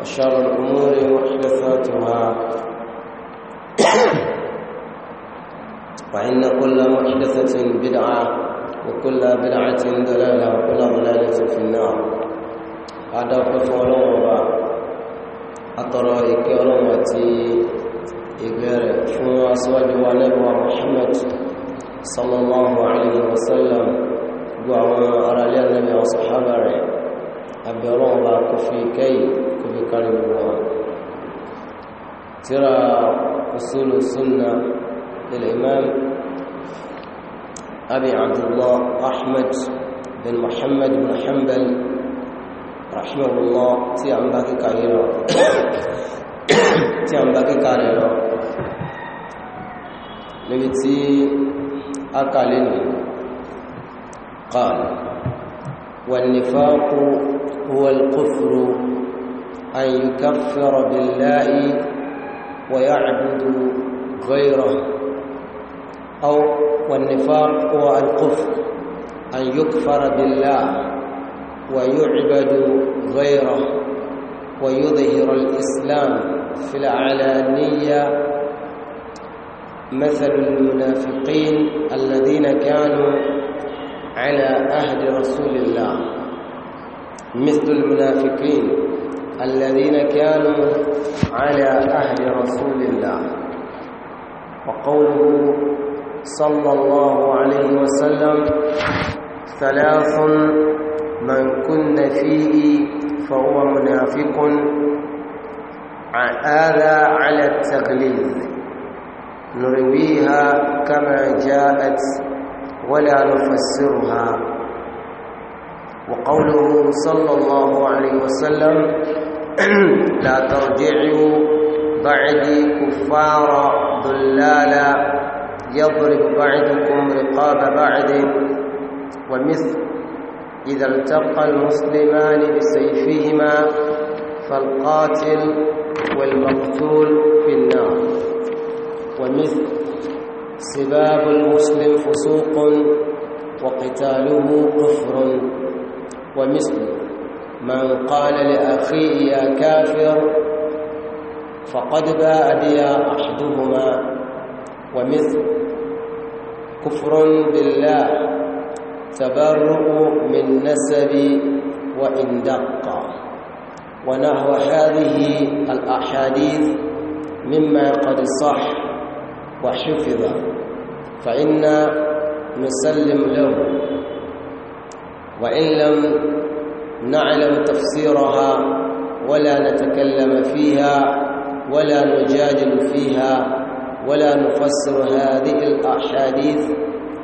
وشر الأمور محدثاتها وإن كل محدثة بدعة وكل بدعة ضلالة وكل ضلالة في النار هذا كفر الله أترى إكرامتي إبر شو أسود ونبوى محمد صلى الله عليه وسلم وعلى أرى النبي وصحابه أبي الله كفي كيد کړو چر اصول السنه للإمام ابي عبد الله احمد بن محمد بن حنبل رحمه الله چې امدا کې کړو چې امدا کې کړو لږ چې اقال قال والنفاق هو القفر أن يكفر بالله ويعبد غيره أو والنفاق هو الكفر أن يكفر بالله ويعبد غيره ويظهر الإسلام في العلانية مثل المنافقين الذين كانوا على عهد رسول الله مثل المنافقين الذين كانوا على أهل رسول الله وقوله صلى الله عليه وسلم ثلاث من كن فيه فهو منافق هذا على التغليظ نرويها كما جاءت ولا نفسرها وقوله صلى الله عليه وسلم لا ترجعوا بعدي كفارا ضلالا يضرب بعدكم رقاب بعد ومثل إذا التقى المسلمان بسيفهما فالقاتل والمقتول في النار ومثل سباب المسلم فسوق وقتاله كفر ومثل من قال لأخيه يا كافر فقد باء بي أحدهما ومثل كفر بالله تبرؤ من نسب وإن دق ونحو هذه الأحاديث مما قد صح وحفظ فإن نسلم له وإن لم نعلم تفسيرها ولا نتكلم فيها ولا نجادل فيها ولا نفسر هذه الأحاديث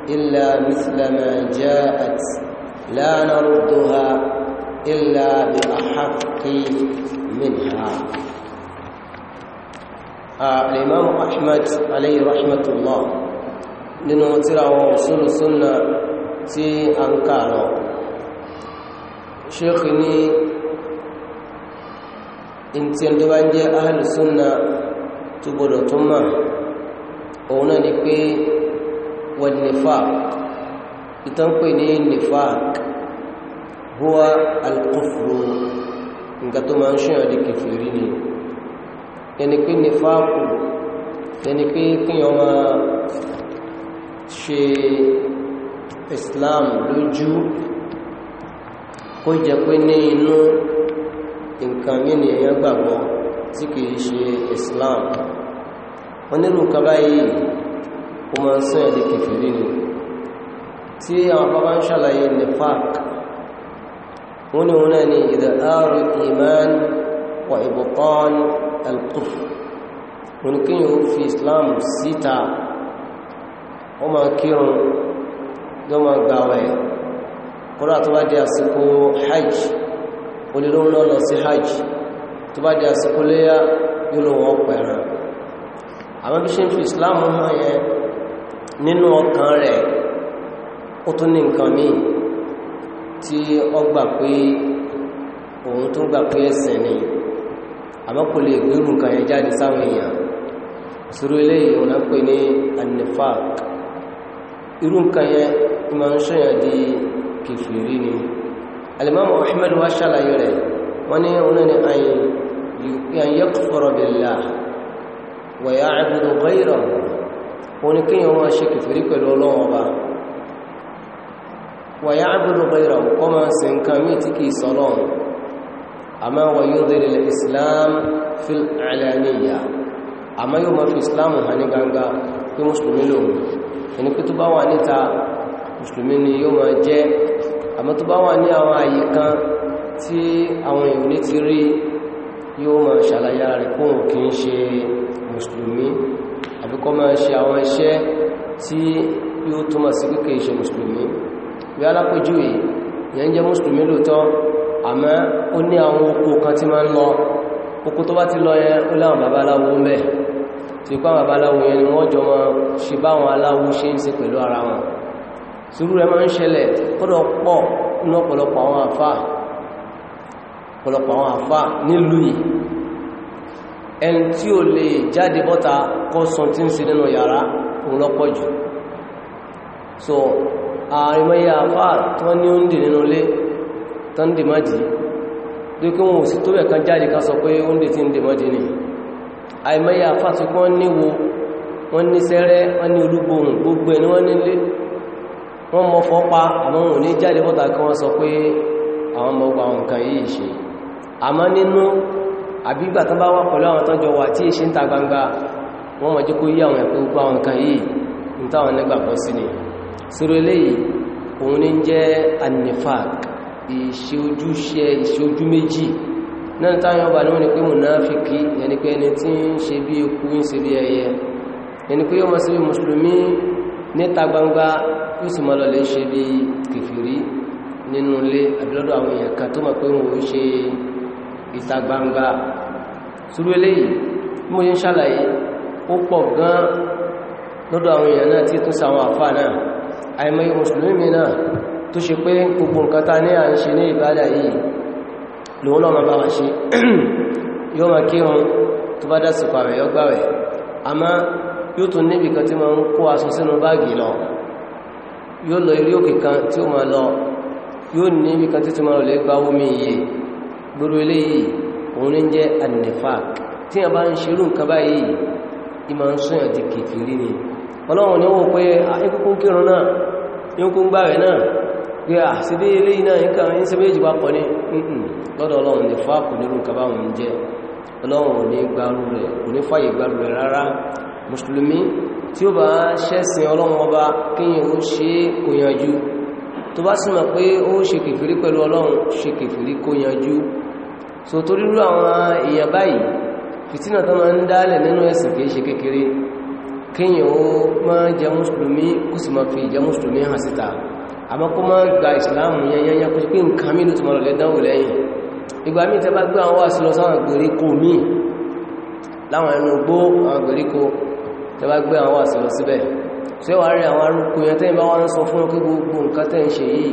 إلا مثل ما جاءت لا نردها إلا بأحق منها آه، الإمام أحمد عليه رحمة الله لنوتر وصول السنة تي أنكاره ṣéèkì ní ntí ẹni tó bá jẹ́ ahàlùsúnà tó gbọdọ̀ tó mà òun náà ni pé wọ́n nífà ìtànpè ní nífà huwa alkufru nǹkan tó máa ń ṣèyàn di kẹfìrí ni ẹni pé nífà kù ẹni pé kíyàn máa Islam lójú ó jẹ pé ní inú nǹkan mí ni èèyàn gbàgbọ́ tí kìí ṣe Islam onírú nǹkan báyìí ó máa ń sún ẹ̀dẹ̀ kẹfìrí ni tí àwọn bàbá ń ṣàlàyé ní park wọ́n ni wọ́n náà ni ìdàárù iman wa ibùkán al-kufr wọ́n ni kíyàn ó fi Islam síta ó máa kírun yóò máa gbàwẹ̀ kọ́lá tó bá di àsìkò hajj olùlóhùn náà lọ sí hajj tó bá di àsìkò léyà nínú wọn pẹ̀rẹ̀ àmọ́ bí ṣe ń fi islam hàn yẹn nínú ọkàn rẹ̀ ó tún ní nǹkan míì tí ó gbà pé òun tó gbà pé ẹ̀sìn ni àmọ́ kò lè gbérù nǹkan yẹn jáde sáwọn èèyàn ìṣòro eléyìí òun náà pè ní anifak irú nǹkan di kèfèrí ni alimami ahmed wa ṣàlàyé rẹ̀ wọ́n ní ọ̀nà ni àyè kufura billah wa ya'budu ghayrahu wọ́n ní kíyàn wọ́n ṣe kèfèrí pẹ̀lú ọlọ́wọ́ ọba wa ya'budu ghayrahu kọ́ máa sin nǹkan mí tí kìí sọ lọ́wọ́ àmọ́ wa yudhil ni yóò máa jẹ́ àmọ́ tó bá wà ní àwọn àyè kan tí àwọn èèyàn ní ti rí yóò máa ṣàlàyé ara rẹ̀ kóhùn kí ń ṣe mùsùlùmí àbíkọ́ máa ṣe àwọn iṣẹ́ tí yóò túnmọ̀ sí kíkẹ́ ìṣe mùsùlùmí bí alápẹ́júwé ìyẹn jẹ́ mùsùlùmí lóòtọ́ àmọ́ ó ní àwọn oko kan tí máa ń lọ oko tó bá ti lọ yẹn ó láwọn babaláwo ń bẹ̀ tí ipá babaláwo yẹn ni wọ́n jọ máa ṣe báwọn aláwo ṣe ń ṣe pẹ̀lú ara wọn sùúrù rẹ̀ máa ń ṣẹlẹ̀ kọ́dọ̀ pọ̀ ní ọ̀pọ̀lọpọ̀ àwọn àfá ọ̀pọ̀lọpọ̀ àwọn àfá nílùú yìí ẹni tí ó lè jáde bọ́ta kọ́sùn tí ń ṣe nínú yàrá òun jù so ààrìmọ́yà àfá tó ní ó ń dè nínú ilé tó ń dè mọ́dì bí kí tó bẹ̀ jáde ká sọ pé ó ń dè tí ń dè ni ààrìmọ́yà àfá tó kọ́ níwo wọ́n ní sẹ́rẹ́ wọ́n ní olúgbòhùn gbogbo ẹni wọ́n nílé wọ́n mọ́ fọ́pá àwọn ohun ní jáde bọ́ta kí wọ́n sọ pé àwọn ọmọ ogun àwọn nǹkan yìí ṣe àmọ́ nínú àbígbà bá wá pẹ̀lú àwọn tánjọ wà tí ìṣe ń ta gbangba wọ́n mọ̀ jẹ́ kó yí àwọn ẹ̀pẹ́ ogun àwọn nǹkan yìí ń táwọn nígbàgbọ́ sí ni òun ní yóò sì máa lọ lè ṣe bí kèfèrí nínú ilé àbílọ́dọ̀ àwọn èèyàn kan tó mọ̀ pé wọn ò ṣe ìta gbangba sùúrù eléyìí bí mo ṣe ń ṣàlàyé ó pọ̀ gan lọ́dọ̀ àwọn èèyàn náà tí tún sàwọn àfáà náà àìmọye mùsùlùmí náà tó ṣe pé gbogbo nǹkan ta ní à ń ṣe ní ìbádà yìí lòun náà ma bá wà ṣe yóò ma kírun tó bá dásìkò àwẹ̀ yọ́gbàwẹ̀ àmá yóò tún níbi kan tí ma ń kó aṣọ sínú báàgì lọ yóò lọ eré òkè kan tí ó máa lọ yóò ní ibi kan tí ma máa lọ lè gba omi iye gbogbo eléyìí òun ní jẹ́ ànìfà tí a bá ń ṣerú nǹkan báyìí ìmá ń sọ́yàn ti kèfèrí ni ọlọ́run ni wọ́n pé ikúkú kírun náà ikúkú gbà rẹ̀ náà pé àṣìdé eléyìí náà ní kan ṣe méjì mùsùlùmí tí ó bá ṣẹ̀sìn ọlọ́run ọba kíyàn ó ṣe kó yanjú tó bá sì mọ̀ pé ó ṣe kèfèrí pẹ̀lú ọlọ́run ṣe kèfèrí kó yanjú so torí rú àwọn èèyàn báyìí fìtínà tó máa ń dálẹ̀ nínú ẹ̀sìn kìí ṣe kékeré kíyàn ó máa jẹ mùsùlùmí kó sì máa fi ìjẹ mùsùlùmí láwọn ẹnu gbó àwọn gbèríko tẹ́ bá gbé àwọn wàsí lọ síbẹ̀ tí ó wà rí àwọn arúkú yẹn tẹ́yìn bá wọ́n ń sọ fún kí gbogbo nǹkan tẹ́ ń ṣe yìí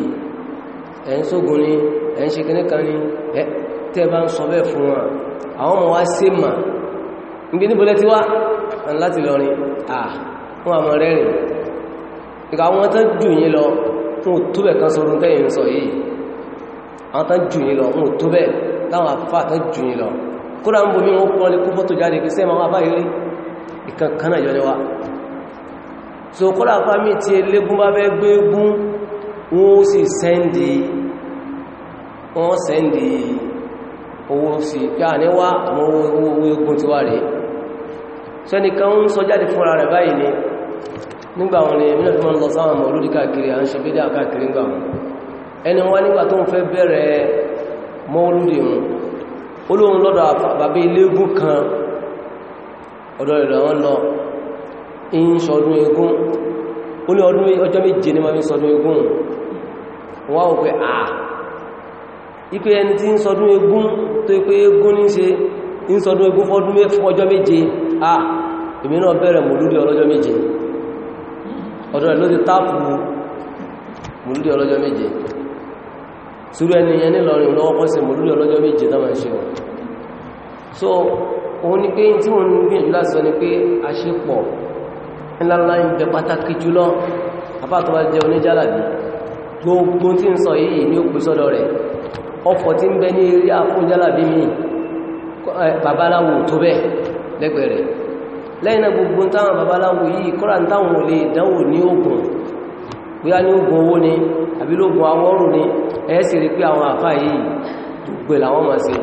ẹ̀ ń sógun ni ẹ̀ ń ṣe kíní kan ni ẹ̀ tẹ́ bá ń sọ bẹ́ẹ̀ fún wọn àwọn ọmọ wa ṣe mà níbi níbo lẹ́tí wá láti lọ rin àmọ́ rẹ́rìn ìkà àwọn tán jù yín lọ fún òtúbẹ̀ jáde kí sẹ́ẹ̀ máa ìkan kanáà jọ níwá so kọ́lá pàmí tí elégún bá bẹ́ gbé gún wọ́n sì sẹ́ndì wọ́n sẹ́ndì owó sí pé àníwá àwọn owó egun ti wà rẹ̀ sẹ́nìkan ń sọ jáde fúnra rẹ̀ báyìí ni nígbà wọn ni mílẹ̀ fún lọ sáwọn ọmọ olórí káàkiri à ń ṣe bídá káàkiri gbà wọn ẹni wá nígbà tó ń fẹ́ bẹ̀rẹ̀ mọ́ olórí wọn olóhun lọ́dọ̀ bàbá ilégún kan ọ̀dọ̀ rẹ̀ wọ́n lọ in ṣọdún egún ó ní ọdún ọjọ́ méje ní ma fi ṣọdún egún wọ́n wọ́n pé à ipé ẹni tí ń ṣọdún egún tó ipé egún ní ṣe ń ṣọdún egún fọ́dún fún ọjọ́ méje à èmi náà bẹ̀rẹ̀ mòlúdí ọlọ́jọ́ méje ọ̀dọ̀ rẹ̀ ló ti tápù mòlúdí ọlọ́jọ́ méje sùúrù ẹni yẹn lọ́wọ́ kọ́sẹ̀ mòlúdí ọlọ́jọ́ méje tó máa ń ṣe òun ni pé tí wọ́n ń gbìyànjú lásán ni pé àṣepọ̀ ńláńlá ń bẹ pàtàkì jùlọ àbátọ́wà jẹ́ oníjálàbí gbogbo tí ń sọ yìí ní ó sọ́dọ̀ rẹ̀ ọfọ̀ tí ń bẹ ní eré mi babaláwo tó bẹ́ gbogbo n'i ni ni n'i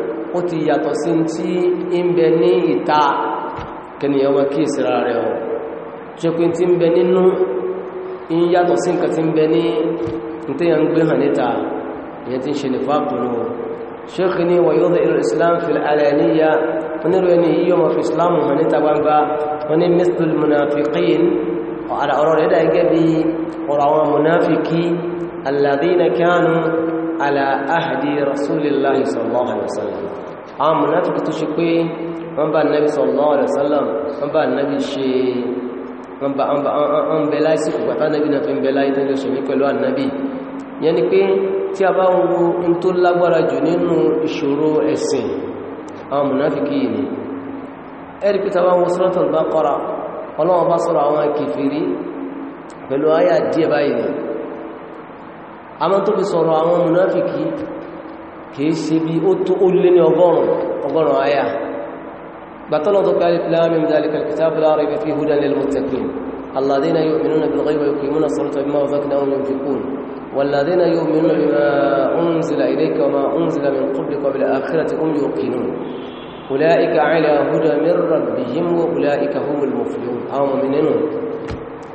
ó ti yàtọ̀ sí tí ń bẹ ní ìta kẹniyàn wọn kí ìsìnra rẹ̀ ọ̀ ṣekú tí ń bẹ nínú ń yàtọ̀ sí nǹkan tí ń bẹ ní ìtẹ́yà ń gbé hàn níta ìyẹn tí ń ṣe lè fàkùnrin wọn ṣekú ní wà yóò dẹ̀rọ الذين كانوا ala ahdi rasulillahi sallallahu alaihi wasallam àwọn mùnáfíkì tó ṣe pé wọ́n bá nabi sallallahu alaihi wasallam wọ́n bá nabi ṣe wọ́n bẹ láì sí kùgbàtà nabi na fi ń bẹ láì tó ń jọ ṣèmí pẹ̀lú annabi yẹn ni pé tí a bá ń wo in tó lágbára jù nínú ìṣòro ẹ̀sìn àwọn mùnáfíkì yìí ni ẹ̀rí pé tàbá wọn suratul Baqara ọlọ́wọ́ bá sọ́rọ̀ àwọn kèfèrí pẹ̀lú ayà díẹ̀ báyìí àmọ́ tó fi sọ̀rọ̀ àwọn munafiki kìí ṣe bí ó tó ó lé ní ọgọ́rùn ọgọ́rùn àyà gbàtọ́lọ́ tó kàlẹ̀ láàmìn zalikal kitabu la rayba fihi hudan lil muttaqin alladhina yu'minuna bil ghaibi wa yuqimuna as-salata wa mimma razaqnahum yunfiqun والذين يؤمنون بما أنزل إليك وما أنزل من قبلك وبالآخرة هم يوقنون أولئك على هدى من ربهم وأولئك هم المفلحون أو مؤمنون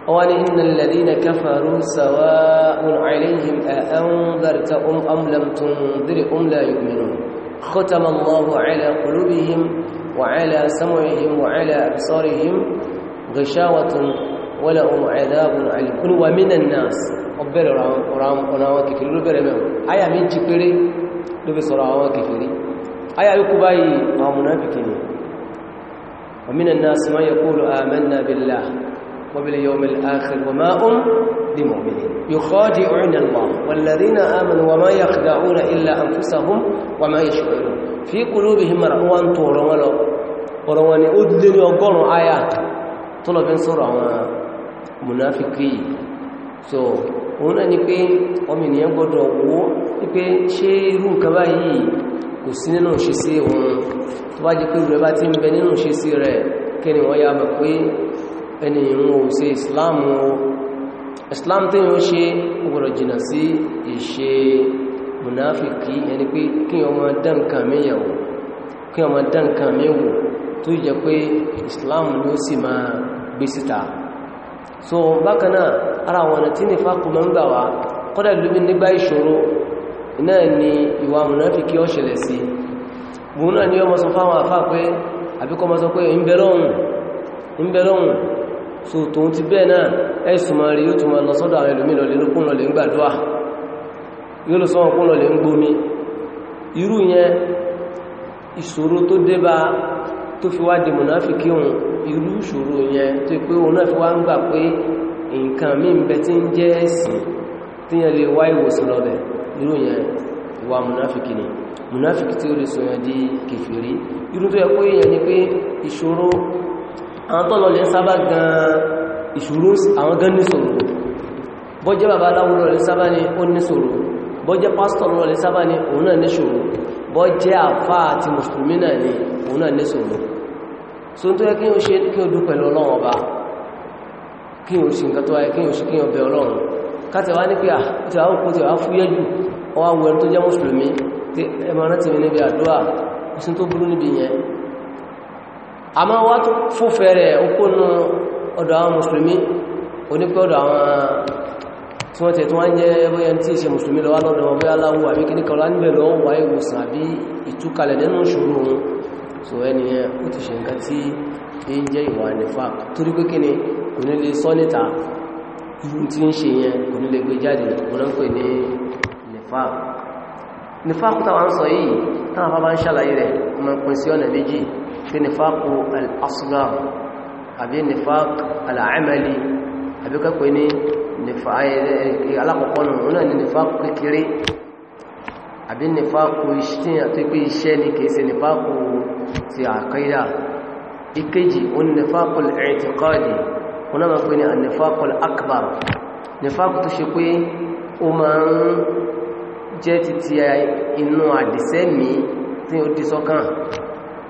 قال إن الذين كفروا سواء عليهم أأنذرتهم أم لم تنذرهم لا يؤمنون ختم الله على قلوبهم وعلى سمعهم وعلى أبصارهم غشاوة ولهم عذاب عليم ومن الناس أبر رام رام قناوة كفر لبر أيا من كفر لبر صراوة كفر أيا يكباي آمنا بكني ومن الناس ما يقول آمنا بالله وباليوم الآخر وما أم بمؤمنين يخادعون الله والذين آمنوا وما يخدعون إلا أنفسهم وما يشعرون في قلوبهم مرعوان طولوا وروان أدلن يقولوا آيات طلب سورة منافقين so òun náà ni pé ọmọ ènìyàn gbọdọ̀ wó ní pé ṣe irú nǹkan báyìí kò sí nínú ṣe sí òun tó bá jẹ́ pé rẹ̀ bá ti ń bẹ nínú ṣe sí rẹ̀ kí wọ́n yá mọ̀ pé ẹni ìrún ò ṣe islam o islam tí yíò ṣe gbọ́dọ̀ jìnà sí ìṣe munafiki ẹni pé kí ọmọ dánkan mẹ́yàwó kí ọmọ dánkan mẹ́wò tó jẹ pé islam ló sì máa gbé síta so bákanáà ara wọn tí ní fàkùnmọ́ ń gbà wá kọ́dà lóbi nígbà ìṣòro náà ni ìwà munafiki ó ṣẹlẹ̀ sí gbùn náà ni ọmọ sọ fáwọn àfáà pé ohun so tòun ti bẹ́ẹ̀ náà ẹ̀sùnmọ̀ rí ma lọ sọ́dọ̀ àwọn ẹlòmí lọlẹ̀ yi kúnlọ̀ lè ń gbàdúwà yóò lọ sọ́wọ́n kúnlọ̀ gbomi fi wa di munafiki òun iru isoro yẹn to pe òun náà fi wá ń gbà pé nǹkan mí n bẹ tí ń jẹ́ ẹ̀sìn tí yẹn lè wá ìwòsàn lọ́bẹ̀ irú ni di àwọn tó lọ lè sábà gan ìṣòro àwọn gan níṣòro bọ́jẹ́ bàbá aláwọ̀ lọ lè sábà ní ó níṣòro bọ́jẹ́ pásítọ̀ lọ lè sábà ní òun náà níṣòro bọ́jẹ́ àfá àti mùsùlùmí náà ní òun náà níṣòro so tó yẹ kí o ṣe kí o dúpẹ́ lọ Ọlọ́run ọba kí o ṣe nǹkan tó wáyé kí o ṣe kí o bẹ Ọlọ́run káti wá ní pé à tí àwọn òkú tí wá fúyẹ́ jù ọwá wẹ́n tó jẹ́ mùsùlùmí tí ẹmọ rántí mi níbi àdúrà kò sí tó burú níbi yẹn a máa wá tó fúnfẹ́ rẹ̀ okónú ọ̀dọ̀ àwọn mùsùlùmí onípẹ́ ọ̀dọ̀ àwọn tí wọ́n tẹ̀ tó wọ́n jẹ́ bóyá tí ìṣe mùsùlùmí lọ wá lọ́dọ̀ wọn bóyá láwọ́ àbí kíní kan lá níbẹ̀ lọ́wọ́ wá ìwòsàn àbí ìtúkalẹ̀ nínú ìṣòro wọn so ẹniyẹn ó ti ṣe nǹkan tí ń jẹ́ ìwà sọ yìí táwọn bá ń ṣàlàyé rẹ̀ ọmọ ìpín sí ọ̀nà méjì في نفاق الأصغر أبي نفاق العملي أبي كويني نفاق alákọ̀ọ́kọ́ nù náà ni نفاق kékeré àbí nífàkù iṣẹ́ àti pé iṣẹ́ ní kìí ṣe nífàkù ti àkídà ìkejì o nífàkù al-i'tiqadi o náà pè ní nífàkù al-akbar nífàkù tó ṣe pé o máa ń jẹ́ títí inú tí ó dì sọ́kàn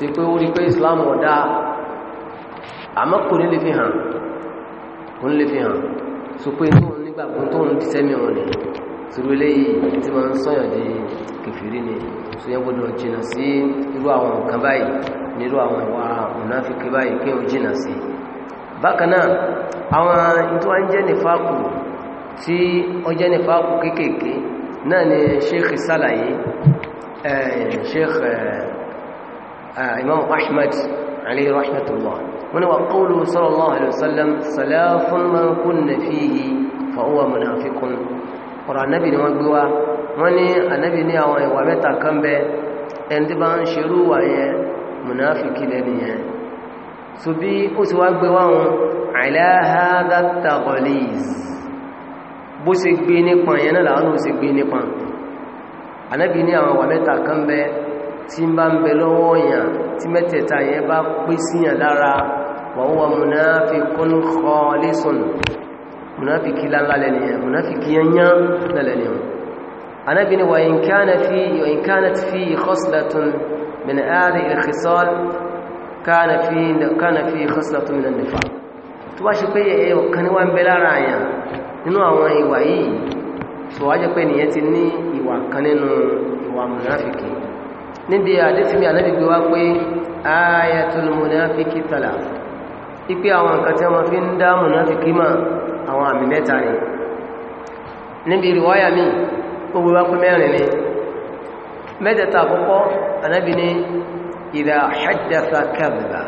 tí pé ó rí pé islam ọ̀dá àmọ́ kò ní lè fi hàn kò ní lè fi hàn so pé tó ń nígbàgbọ́ tó ń sẹ́mi wọn ni sírú eléyìí tí wọ́n ń sọ́yàn di kèfèrí ni so yẹn gbọ́dọ̀ jìnà sí irú àwọn nǹkan báyìí nírú àwọn ìwà mùnáfíkì báyìí kí wọ́n jìnà sí bákan náà àwọn tó sheikh ṣàlàyé eh, sheikh eh, imam ahmad alayhi rahmatullah wọ́n ni wà qawluhu sallallahu alayhi wa sallam salafun man kunna fihi fa huwa munafiqun ọ̀rọ̀ anábì ni wọ́n gbé wá wọ́n ní anábì ní àwọn ìwà mẹ́ta kan bẹ ẹni tí bá ń ṣerú wà yẹn munafiki lẹ́nu yẹn so bí ó ti wá gbé wá wọn ala hadha taghliz bó ṣe gbé nípa yẹn náà làwọn ò ṣe gbé nípa anábì ní àwọn ìwà mẹ́ta kan bẹ tí ń bá ń bẹ lọ́wọ́ yàn tí mẹ́tẹ̀ẹ̀ta yẹn bá pé síyàn lára wa huwa munafiqun khalisun munafiki lálá lẹ́nìyàn munafiki yányán lẹ́lẹ́nìyàn anábi ni wa in kanat fi khaslatun min hadhihi al-khisal kana fi kana fi khaslatun nínú àwọn ìwà yìí so wá pé nìyẹn ti ní ìwà kan nínú ìwà munafiki níbi àdísìmí ànábì gbé wá pé ayatul munafiki tala ipé àwọn nǹkan tí wọ́n fi ń dá munafiki mọ̀ àwọn àmì mẹ́ta ni níbi ìrìwáyà mi ó gbé wá pé mẹ́rin ni mẹ́tẹ̀ta àkọ́kọ́ ànábì ni ìdá haddatha kadhaba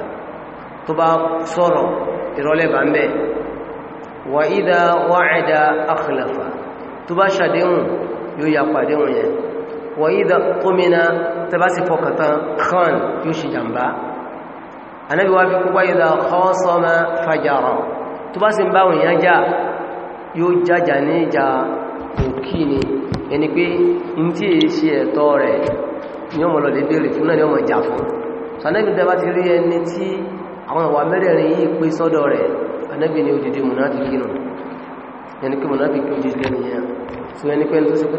tó bá sọ̀rọ̀ ìrọ́lẹ̀ bá ń bẹ̀ wà ìdá wa'ada akhlafa tó bá ṣàdéhùn yóò yà pàdéhùn yẹn wàídà kómìnà tẹbásí fọkàtàn khan yóò ṣe jàmbá anábi wá fi kú wáyídà kọ́sọ́mà fàjàrà tó bá sì ń báwọn èèyàn já yóò jájà ní ìjà òkí ni ẹni pé in tí è ṣe ẹ̀tọ́ rẹ̀ ni ọmọ lọ́lẹ̀ bèèrè fún náà ni ọmọ ìjà fún sànẹ́bì tẹbá ti rí ẹni tí àwọn ìwà mẹ́rẹ̀ẹ̀rin yìí pé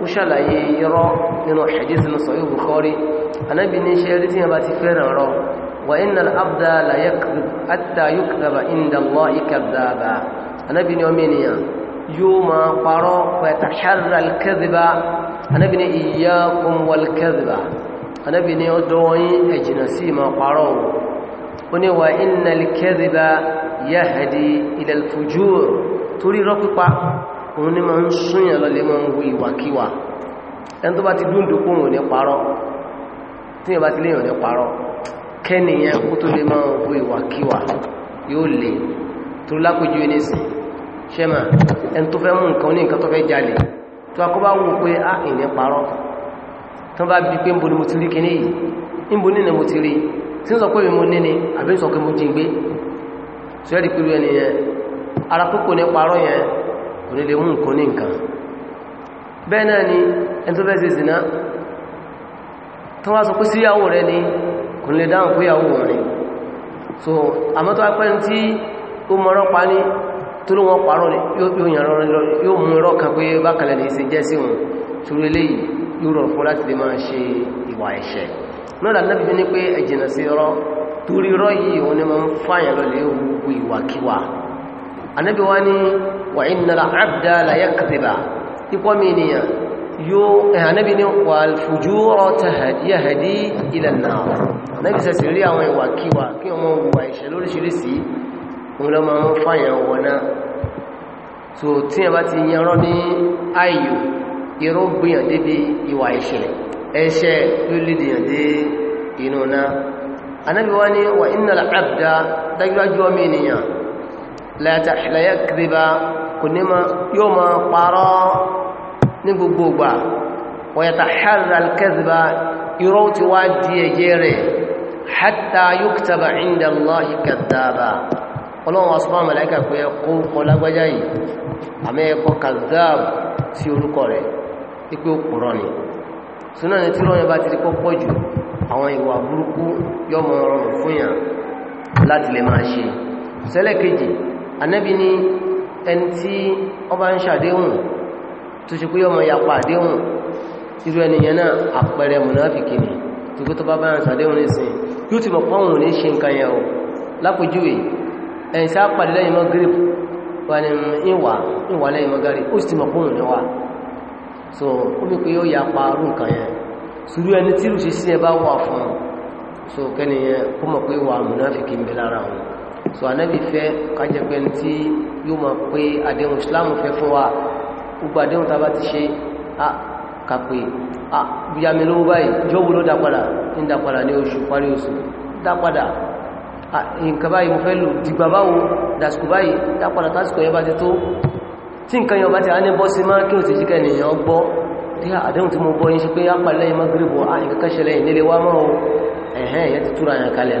ó ṣàlàyé irọ́ nínú hadith ní sọ̀yí bukhari anábi ní ṣe rí tí yẹn bá ti fẹ́ràn rọ wa inna al-abda la yakdhib hatta yukdhaba inda Allahi kadhaba anábi ní ọmọ ènìyàn yóò máa parọ́ pẹ̀tàṣàrà òun ní ma ń súnyàn lọlé ma ń wo ìwàkíwà ẹni tó bá ti dúndùkú òun ní parọ́ tí yẹn bá ti léyàn ní parọ́ kẹ́nìyàn kó tó lè ma ń wo ìwàkíwà yóò lè tó lápójú ẹni sí ṣẹ́mà ẹni tó fẹ́ mú nǹkan ní nǹkan tó fẹ́ jalè tó akọ́ bá wù pé á ìní parọ́ tó bá bí pé ń ni mo ti rí kíní yìí ń ni mo ti rí tí ń sọ pé mo ní àbí ń sọ pé mo jí gbé sọ ẹ́ di pẹ̀lú ẹni yẹn ara púpọ̀ ní parọ́ yẹn òní lè mú nǹkan ní nǹkan bẹ́ẹ̀ náà ni ẹni tó bẹ́ẹ̀ zìnà tó wá sọ pé síyàwó rẹ ni kò so àmọ́ tó apẹ́ tí ó mọ́rọ́ pa ní tó ló wọ́n parọ́ ní yóò mú irọ́ kan pé bákalẹ̀ ní ṣe jẹ́ sí wọn torí eléyìí yóò rọ̀ fún láti lè máa ṣe ìwà ẹ̀ṣẹ̀ náà dà náà ní pé ẹ̀jìnà sí irọ́ torí irọ́ yìí òun ni máa ń fàyàn lọ lè wu ìwàkiwà anábíwá ní wà ìnàlá àbdàlá yà kàtìbà ikọ́ mi nìyàn yóò ẹ̀hànábi eh, ní wà fùjúrọ̀ yàhàdí ilẹ̀ náà náà bí sẹ̀sì rí àwọn ìwà kíwà kí ọmọ wà ìṣẹ̀ lóríṣiríṣi òun lọ máa ń fàyàn wọ̀ná so tí ẹ bá ti yanrọ́ ní ayò irọ́ gbìyàn débi ìwà ìṣẹ̀ ẹṣẹ́ ló láyà kìrìbà kò ní ma yóò ma parọ́ ní gbogbo gbà wọ́yàtà hàrà kẹ́sìbà irọ́ ti wá di ẹ̀jẹ̀ rẹ̀ hátà yuktaba inda Allahi kàdàbà ọlọ́run asọ́bà mẹ́lẹ́kà pé ó kọ́ lágbájá yìí àmẹ́ ẹ̀kọ́ kàdàbà sí orúkọ rẹ̀ láti lè máa ṣe sẹ́lẹ̀ kejì anábi ni ẹni tí ọ bá ń ṣàdéhùn tó ṣe pé ọmọ yapa àdéhùn irú ẹniyàn náà àpẹẹrẹ mùnáfìkì ni tó kó tó bá bá ń ṣàdéhùn nísìn yóò ti mọ̀ pọ́hùn ní ṣe nǹkan yẹn o lápòjúwe ẹ̀yìn pàdé lẹ́yìn mọ́ gíríp so ó bí pé ó yapa rú nǹkan yẹn sùúrù ẹni so kẹ́niyẹn kó mọ̀ pé wà mùnáfìkì ń so anabi fẹ́ kájẹ pé tí yóò máa pé àdéhùn islamu fẹ́ fún wa gbogbo àdéhùn tàbá ti ṣe a kàpé a bíyàmí lówó báyìí jọ́wọ́ ló dápadà ń dápadà ní oṣù parí oṣù dápadà nǹkan báyìí mo fẹ́ lò dìgbà báwo dàsìkò báyìí dápadà tásìkò yẹn bá ti tó tí nǹkan yẹn bá ti á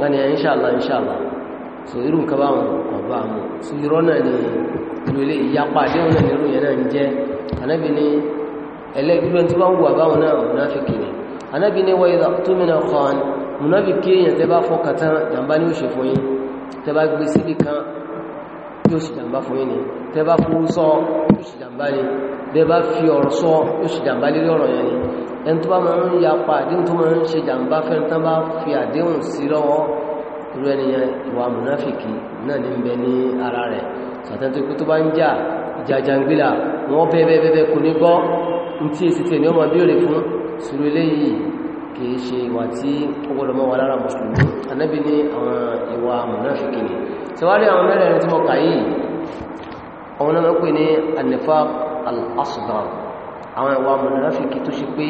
wọ́n ni inṣàlá inṣàlá so irú nǹkan báwọn ọ̀bá mú so irọ́ náà ni ìlú ilé ìyapa àdéhùn náà nírú yẹn náà ń jẹ́ anábì ni ẹlẹ́gbẹ́ tí wọ́n wà báwọn náà múnáfíkì ni anábì ni wọ́n ìdá tó mìíràn kan múnáfíkì èèyàn tẹ́ yóò ṣe jàmbá fún yín ni tẹ́ bá fún sọ yóò ṣe jàmbá ni tẹ́ bá fi ọ̀rọ̀ sọ yóò ṣe jàmbá lórí ọ̀rọ̀ yẹn ni ẹni tó bá máa ń yapa àdéhùn tó máa ń ṣe jàmbá fẹ́ni tán bá fi àdéhùn sí lọ́wọ́ irú ẹni yẹn ìwà mùnáfìkì náà ní bẹ ní ara rẹ̀ sàtẹ́ni tó kú tó bá ń jà ìjàjàngbìlà wọ́n bẹ́ẹ̀ kò ní gbọ́ ní tí èsì tí ènìyàn máa bí òrè fún sùúrù eléyìí kìí ṣe ìwà tí ó gbọ́dọ̀ mọ́ wa lára mùsùlùmí anábì ní àwọn ìwà mùnáfikì ni tẹwàrí àwọn mẹ́rẹ̀ẹ̀rin tí mọ́ kàyí àwọn náà pè ní an-nifaq al-asghar àwọn ìwà mùnáfikì tó ṣe pé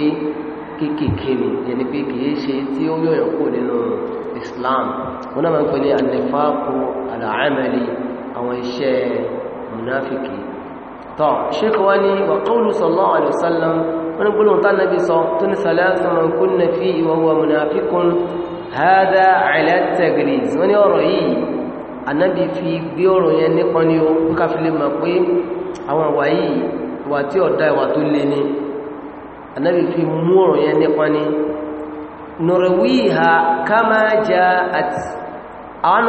kéèkéèké ni yẹni pé kìí ṣe tí ó yọ̀yàn kó nínú Islam wọn wọ́n gbọ́nà tán nàbí sọ tó ní sàlẹ́sàn man kunna fi wa huwa munafiqun hada ala tagris wọ́n ní ọ̀rọ̀ yìí anábì fi gbé ọ̀rọ̀ yẹn nípa ní o ká fi lè mọ̀ pé àwọn àwà yìí ìwà tí ọ̀dá ìwà tó lé ní anábì fi mú ọ̀rọ̀ yẹn nípa ní nurwiha ni àwọn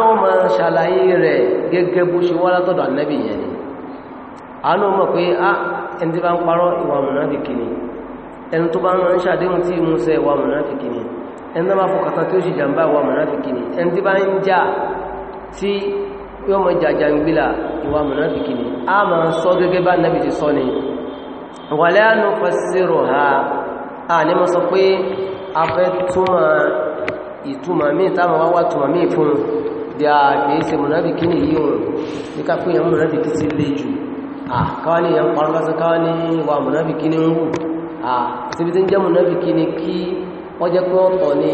ọmọ pé ah, ẹni tí bá ń parọ́ ìwà mùnáfíkí ni ẹni tó bá ń ṣàdéhùn tí mú sẹ wà mùnáfikì ni ẹni tó bá fọkàtà tí ó ṣe jàmbá wà mùnáfikì ni ẹni tí bá ń já tí yóò mọ jàjàngbìlà ìwà mùnáfikì ni a máa sọ gẹ́gẹ́ bá nàbì ti sọ ni wà lẹ́nu fẹsẹ̀rọ ha a ní mọ́ sọ pé a fẹ́ túmọ̀ ìtumọ̀ míì táwọn wá wá túmọ̀ míì fún bí a mùnáfikì ni yíò ní ká mùnáfikì ti le jù à káwọn ni yẹn parọ́ káwọn ni ìwà mùnáfikì ni ń wù síbi tí ń jẹ́ mùnáfíkí ni kí wọ́n jẹ́ pé ọ̀tọ̀ ni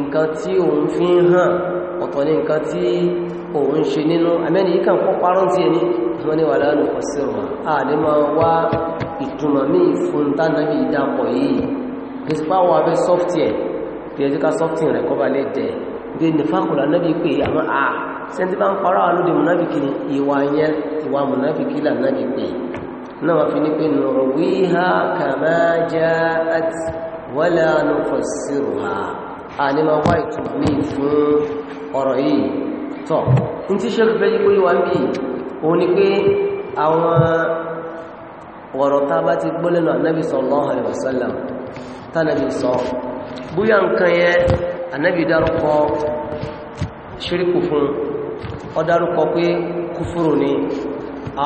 nǹkan tí òun fi ń hàn ọ̀tọ̀ ni nǹkan tí òun ṣe nínú amẹ́ni yíká ń kọ́ parọ́ ẹni wọ́n ni wà lánàá kọ́ sí ọ̀rọ̀ àdé máa wá ìtumọ̀ míì fún tánàbí ìdàpọ̀ yìí pípa wà bẹ́ sọ́ftíẹ̀ pẹ̀lúká sọ́ftíẹ̀ rẹ̀ kọ́ bá lè jẹ́ dé nífàkùnlá náà bí pé àmọ́ à sẹ́ntí bá ń parọ́ àwọn olóde mùnáfíkì ni ìwà yẹn ìwà mùnáfíkì là náà bí náà wọ́n fi ní pé nurwiha kama ja'at wala nufassiruha a ní ma wá ìtumọ̀ míì fún ọ̀rọ̀ yìí tọ́ ní tí ṣe fẹ́ yíkó yíwa bí òun ni pé àwọn ọ̀rọ̀ tá bá ti gbọ́ lẹ́nu ànábì sallallahu ni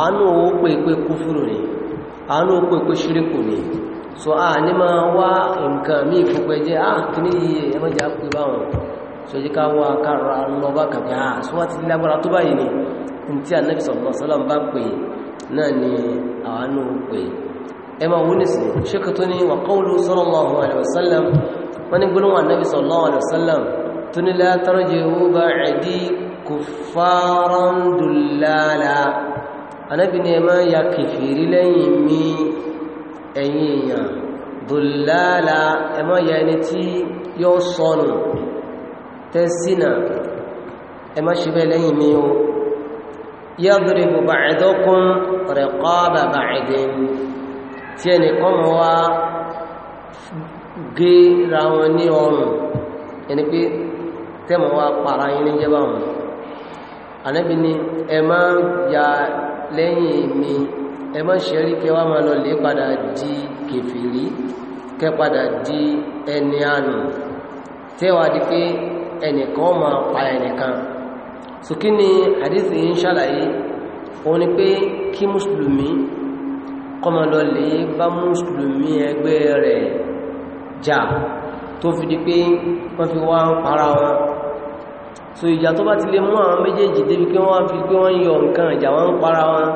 àánú owó pé pé kúfúrù ni àánú owó pé pé ṣíríkù ni so a ní máa wá nǹkan míì fúnpẹ́ jẹ́ a ah, kì ní iye ẹmọ́jà pé báwọn so jẹ́ ká wá kára lọ kàbí a ah, so wá ti lágbára tó báyìí ni ní tí Ànábì sallallahu alaihi bá pè náà anábì ni ẹ máa ń ya kẹfìrí lẹ́yìn mi ẹ̀yìn èèyàn dùláàlà ẹ máa ya ẹni tí yóò sọnù tẹ́sínà ẹ máa ṣe bẹ́ẹ̀ lẹ́yìn mi o yadribu ba'dukum riqaba ba'din tí ẹnìkan mọ́ wá gé ra wọn ní ọrùn ẹni pé tẹ́mọ̀ wá para yín ní jẹ́ báwọn anábì ni ẹ máa ya lẹ́yìn mi ẹ má ṣe rí kẹ wá máa lọ lè padà di kèfèrí kẹ padà di ẹni ànù tẹ́wàá di pé ẹnìkan máa pa ẹnìkan sókí ni àdísì ń ṣàlàyé òun ni pé kí mùsùlùmí kọmọ lọ lè bá mùsùlùmí ẹgbẹ́ rẹ̀ jà tó fi di pé wọ́n fi wá ń para wọn so ìjà tó bá ti lè mú àwọn méjèèjì débi pé wọ́n fi pé wọ́n yọ nǹkan ìjà wọ́n ń para wọn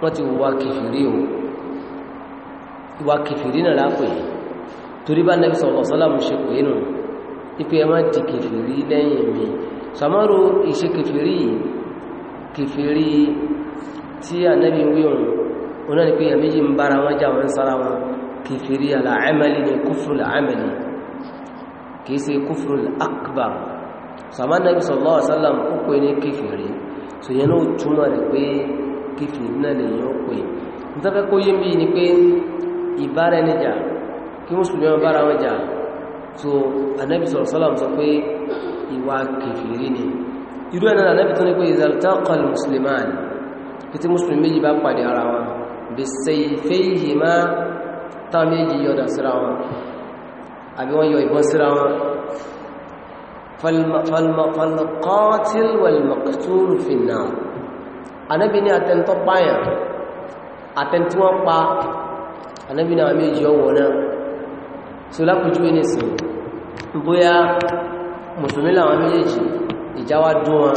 wọ́n ti wà kìfìrí o ìwà kìfìrí náà lápè torí bá nẹ́bí sọ̀rọ̀ sọ́làmù ṣe pé nù ipe ẹ má kìfìrí lẹ́yìn mi sàmárò ìṣe kìfìrí kìfìrí tí ànẹ́bí ń wíhùn òun náà ni pé ẹ̀mí yìí ń bára wọn jà wọn sára wọn kìfìrí àlàámẹ́lì ni kúfùrù àmẹ́lì sàmá nàbí sallallahu alaihi wasallam ó pè ní kèfèrí so yẹn náà túmọ̀ rẹ̀ pé kèfèrí náà lè yọ pé nítorí kó yé mi ni pé ìbára ẹni jà kí mùsùlùmí wọn bára wọn jà so anábì sallallahu alaihi wasallam sọ pé ìwà kèfèrí ni irú ẹ̀nà anábì tó ní pé musliman pé tí mùsùlùmí méjì bá pàdé ara wọn bisayfayhima táwọn méjì yọ̀dà síra wọn àbí wọ́n yọ ìbọn síra wọn فالقاتل والمقتول في النار Ànábì ní àtẹntọ́ páyàn àtẹntí wọ́n pa Ànábì ní àwọn méjì ọwọ́ náà tí ó lápójú ní sí bóyá mùsùlùmí láwọn méjèèjì ìjáwá dún wọn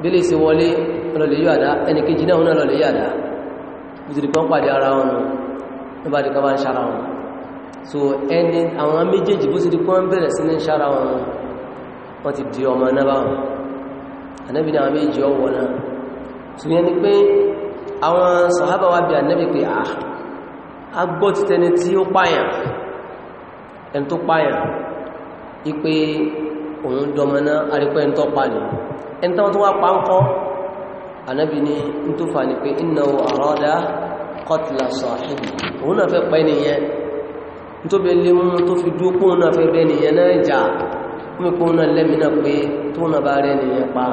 bí lè ṣe wọlé lọlẹ̀ yóò àdá ẹnìkejì náà náà lọlẹ̀ yóò àdá bùtùrì kan pàdé ara wọn nígbà tí kan bá ń ṣára wọn so ẹni àwọn méjèèjì bó ti di pọ́n bẹ̀rẹ̀ sí ní ṣára wọn wọ́n ti di ọmọ náà báwọn ànábì ní àwọn méjì ọwọ́ náà tún yẹn ni pé àwọn sàhábà wá bí ànábì pé à á gbọ́ ti tẹni tí ó pààyàn ẹni tó pààyàn ipé òun dọmọ náà arípẹ́ ẹni tó pààyàn ẹni tó wá pa ń kọ́ ń tó fà ní pé innahu arada qatla sahibi òun náà fẹ́ pẹ́ nìyẹn tó bẹ lé mú tó fi dúó pọ́n náà fẹ́ bẹ́ nìyẹn náà jà wọ́n kó náà lẹ́mìí náà pé tó náà bá rẹ̀ nìyẹn pa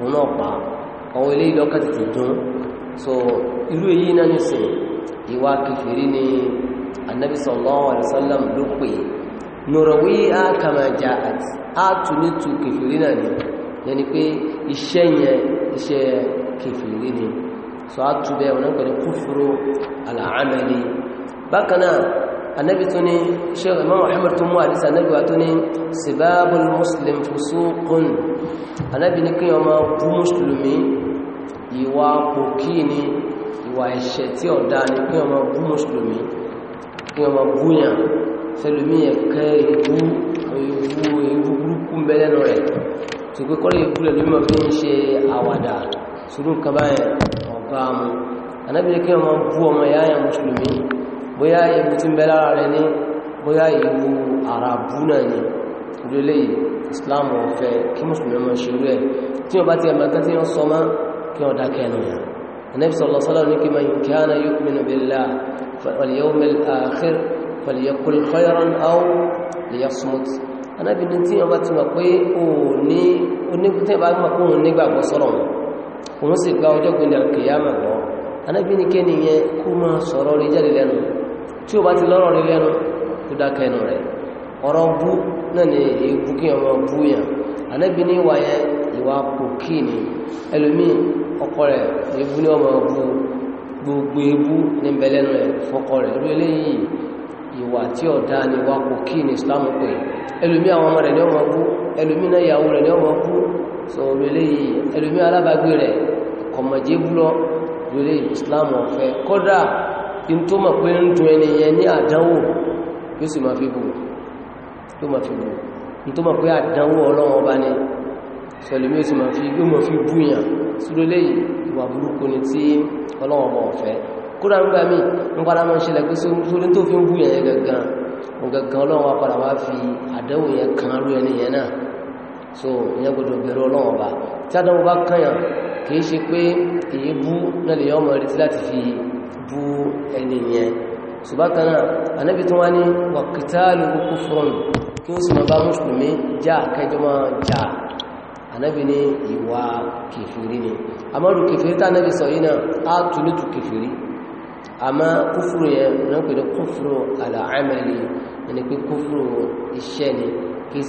òun náà pa ọwọ́ ilé ìlọ́kà tètè dún so irú èyí náà nìsìn ìwà kìfìrí ni annabi sallallahu alaihi wasallam ló pè nùrọ̀wí àkàmàjà àti àtúnítù kìfìrí náà so àtúbẹ̀ wọn náà pẹ̀lú النبي توني شيخ امام احمد تمو حديث النبي واتوني سباب المسلم فسوق النبي نكي يوم مسلمي ìwà pòkíni ìwà ẹ̀ṣẹ̀ tí ọ̀dá ni kí ọmọ bú mùsùlùmí kí ọmọ búyàn sẹlùmí ẹ̀kẹ́ ìbú ìbú ìbú burúkú mẹ́lẹ́nu rẹ̀ tó pé kọ́lẹ̀ ìbú lẹ́lùmọ̀ fi ń ṣe àwàdà sùúrù nǹkan báyẹn ọ̀bá mu anábìlẹ̀ kí ọmọ bú ọmọ ìyá yẹn mùsùlùmí bóyá ewu tí ń bẹ lára rẹ̀ ní bóyá ewu àràbú náà ni lólè islam ọ̀fẹ́ kí mùsùlùmí ọmọ ṣe rú ẹ̀ tí wọ́n bá ti ẹ̀mọ̀ tí wọ́n sọ mọ́ kí wọ́n dákẹ́ ẹnu yà Ànábì sallallahu alaihi wasallam ní kí man kana yu'minu billahi wal yawmil akhir falyaqul khayran aw tí ó bá ti lọ́rọ̀ rí lẹ́nu kó dákẹ́ ẹnu rẹ̀ ọ̀rọ̀ bú náà ni èébú kí ọmọ bú yàn ànábì ní ìwà yẹn ìwà pòkì ni ẹlòmíì ọkọ rẹ̀ èébú ní ọmọ bú gbogbo èébú ní bẹ̀lẹ́nu rẹ̀ fọkọ rẹ̀ rí eléyìí ìwà tí ọ̀dá ni ìwà pòkì ni Islam pè ẹlòmíì àwọn ọmọ in tó mọ̀ pé ń dùn ẹniyẹn ní àdánwò yóò sì máa fi bù yóò máa fi bù in tó mọ̀ pé àdánwò ọlọ́wọ́ bá ní sọlẹ̀mí yóò sì máa fi yóò máa fi bù yàn sílólé ìwà burúkú ni tí ọlọ́wọ́ bọ̀ ọ̀fẹ́ kúrò ń gbà mí ń padà máa ṣẹlẹ̀ pé sórí tó fi ń bù yàn gangan gangan ọlọ́wọ́ padà wá fi àdánwò yẹn kan so ìyẹn gbọdọ̀ bẹ̀rù ọlọ́wọ́ bá tí àdánwò bá kàn yàn kì í ṣe pé èébú náà lè yọ ọmọ retí láti fi bú ẹni yẹn ṣùgbọ́n anábi tó wá ní wàkítàlù kufrun kí ó sì mọ́ bá mùsùlùmí já kẹjọmọ́ já anábi ní ìwà kèfèrí ni àmọ́rù kèfèrí tá anábi sọ yìí náà á túlùtù kèfèrí àmá kúfùrù yẹn náà pẹ̀lú kúfùrù àlàámẹ́lì ẹni pé kúfùrù iṣẹ́ ni ní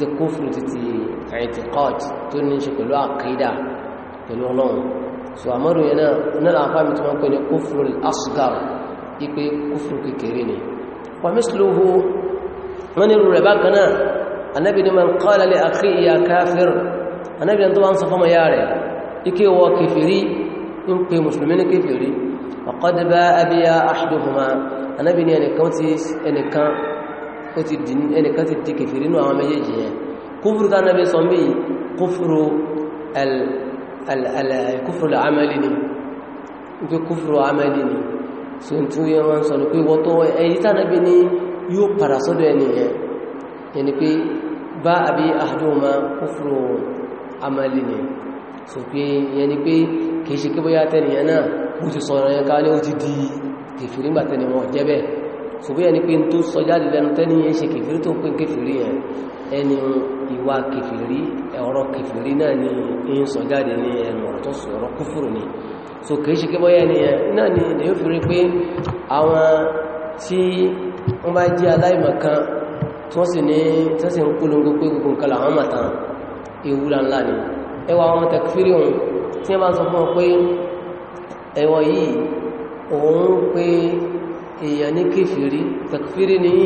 ṣe pẹ̀lú so àmọ́rò yẹn náà nílà àpáàmì tí wọ́n pè ní kófúrò asgar ipé kófúrò kékeré ni pàmísìlóhù wọ́n ní rẹ̀ bákan náà anábì ni man qala li akhi ya káfíìr anábì ni tó wá ń sọ fọ́mọ ya rẹ̀ ike wọ kèfèrí ń pè mùsùlùmí ní kèfèrí faqad ba'a biha ahaduhuma anábì ni ẹnìkan ti di kèfèrí nù àwọn méjèèjì yẹn kófúrò tá anábì sọ kúfùrù àmàlì ni wípé kúfùrù àmàlì ni so tí ó yẹ wọ́n sọ ní pé wọ́n tó ẹni tánàbí ní yóò padà sọ́dọ̀ ẹni yẹn yẹni pé bá àbí àdúmà kúfùrù àmàlì ni so pé yẹni pé kìí ṣe kébóyá tẹ́nìyàn náà bó ti sọ̀rọ̀ ẹni ìwà kèfèrí ọ̀rọ̀ kèfèrí náà ni ń sọ jáde ní ẹnu ọ̀rọ̀ tó sọ ọ̀rọ̀ kúfùrù ni so kìí ṣe kébọ́ yẹni ẹ náà ni lè fi rí pé àwọn tí wọ́n bá jẹ́ aláìmọ̀kan tí wọ́n sì ní tẹ́sì ń polongo pé gbogbo ni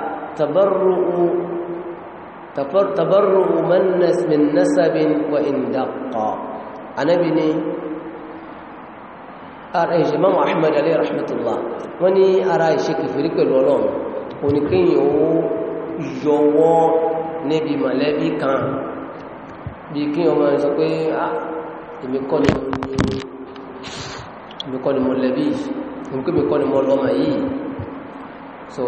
تبرؤ تبر تبرؤ من نس من نسب وإن دق أنا بني أرأي إمام أحمد عليه رحمة الله وني أرأي شك في ركب الولوم ونكين يو يو نبي ملبي كان بيكين يوم يسوي èmi kọ́ ni mo ní èmi kọ́ ni mo lẹ́bí èmi kọ́ ni mo lọ́mọ yìí so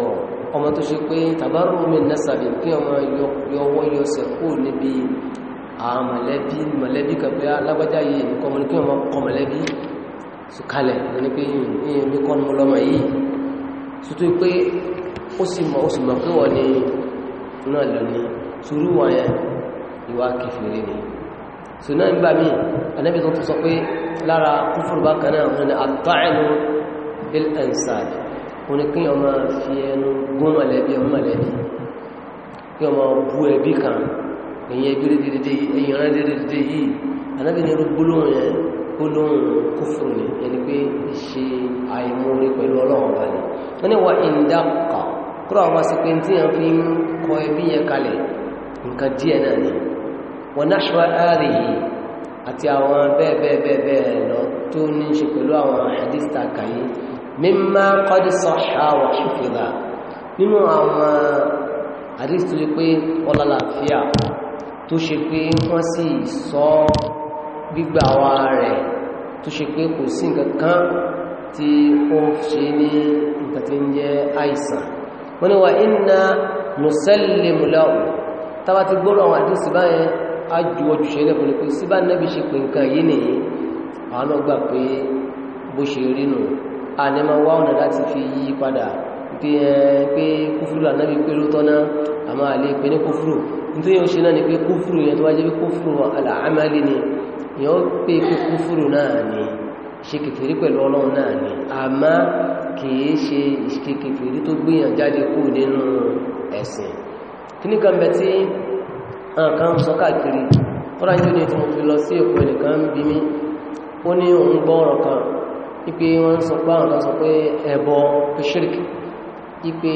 ọmọ tó ṣe pé tàbárò mi nẹ́sàbí kí ọmọ yọwọ́ yọsẹ̀ kú níbi àmọ̀lẹ́bí mọ̀lẹ́bí kàbí alágbájá ah, yìí nìkan mọ̀ ní kí ọmọ kọ mọ̀lẹ́bí sùkálẹ̀ ní pé yìnyín ní kọ́ ní lọ́mọ yìí sùtú pé ó sì mọ̀ ó sì mọ̀ pé wọ́n ní náà lọ ní sùúrù wọn yẹn ìwà wọn ni kíyàn máa fi ẹnu gún mọ̀lẹ́bí ọmọ mọ̀lẹ́bí kíyàn máa bú ẹbí kan èyí ẹbí dédédé èyí rán dédédé yìí anábì ní irú gbólóhùn yẹn gbólóhùn kúfùrù ni ẹni pé ìṣe àìmúre pẹ̀lú ọlọ́run bá ní wọ́n ní wà ìdáǹkà kúrò àwọn àsìkò tí yẹn fi ń kọ ẹbí yẹn kalẹ̀ nǹkan díẹ̀ náà ni wọ́n náṣọ́ ààrẹ yìí àti àwọn bẹ́ẹ̀ bẹ́ẹ̀ bẹ́ẹ̀ bẹ́ẹ̀ lọ tó ní ṣe pẹ̀lú àwọn àdìsítà kàyé mímá kọ́dí sọ́ṣà wà ṣùfìdà nínú àwọn àdíṣ lè pé ọlálàáfíà tó ṣe pé wọ́n sì sọ gbígbà wa rẹ̀ tó ṣe pé kò sí nǹkan tí ó ṣe ní nǹkan tí ń jẹ́ àìsàn wọ́n ni wà iná mùsẹ́lẹ̀mùláwù ti àwọn àníma wá ọ̀nà láti fi yí padà pé pé kúfúrú ànábì pé ló tọ́ná àmá àlè pé ní kúfúrú nítorí yóò ṣe náà ni pé kúfúrú yẹn tó wá jẹ́ pé kúfúrú àmàlì ni yẹn ó pé pé kúfúrú náà ni ṣe kèfèrí pẹ̀lú ọlọ́run náà ni àmá kìí ṣe ipe wọ́n sọ pé àwọn sọ pé ẹbọ pẹ̀ṣíríkì ipe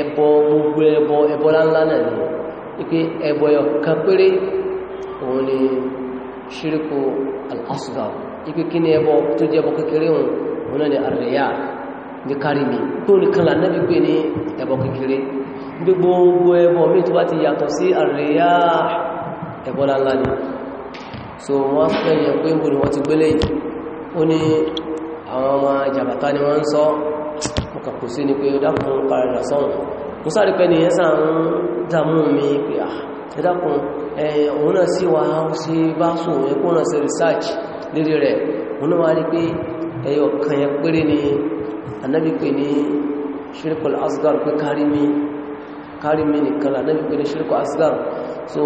ẹbọ gbogbo ẹbọ ẹbọ láńlá náà ni ipe ẹbọ ẹ̀kan péré òun ni ṣíríkù al-asghar ipe kí ni ẹbọ tó jẹ́ ẹbọ kékeré òun òun náà ni àríyá ní kárí mi tó ní kan lànà gbígbé ní ẹbọ kékeré gbogbo ẹbọ mi tó bá ti yàtọ̀ sí àríyá ẹbọ láńlá ni so wọ́n fẹ́ yẹ pé wo ni wọ́n ti gbélé yìí ó ní àwọn ọmọ jàbàtà ni wọ́n ń sọ ọkà kò sí ni pé dákun parẹ́lá sọ́run mo sáré pẹ́ nìyẹn sáà ń dàmú mi pé à ah, ẹ̀dàkùn òun náà sí wa sí bá sùn ẹkùn náà sí research lérí rẹ̀ òun náà wá rí pé ẹyọ kan ni anábì pé ní ṣírkùl asgar pé kárí mi kárí mi nìkan anábì pé asgar so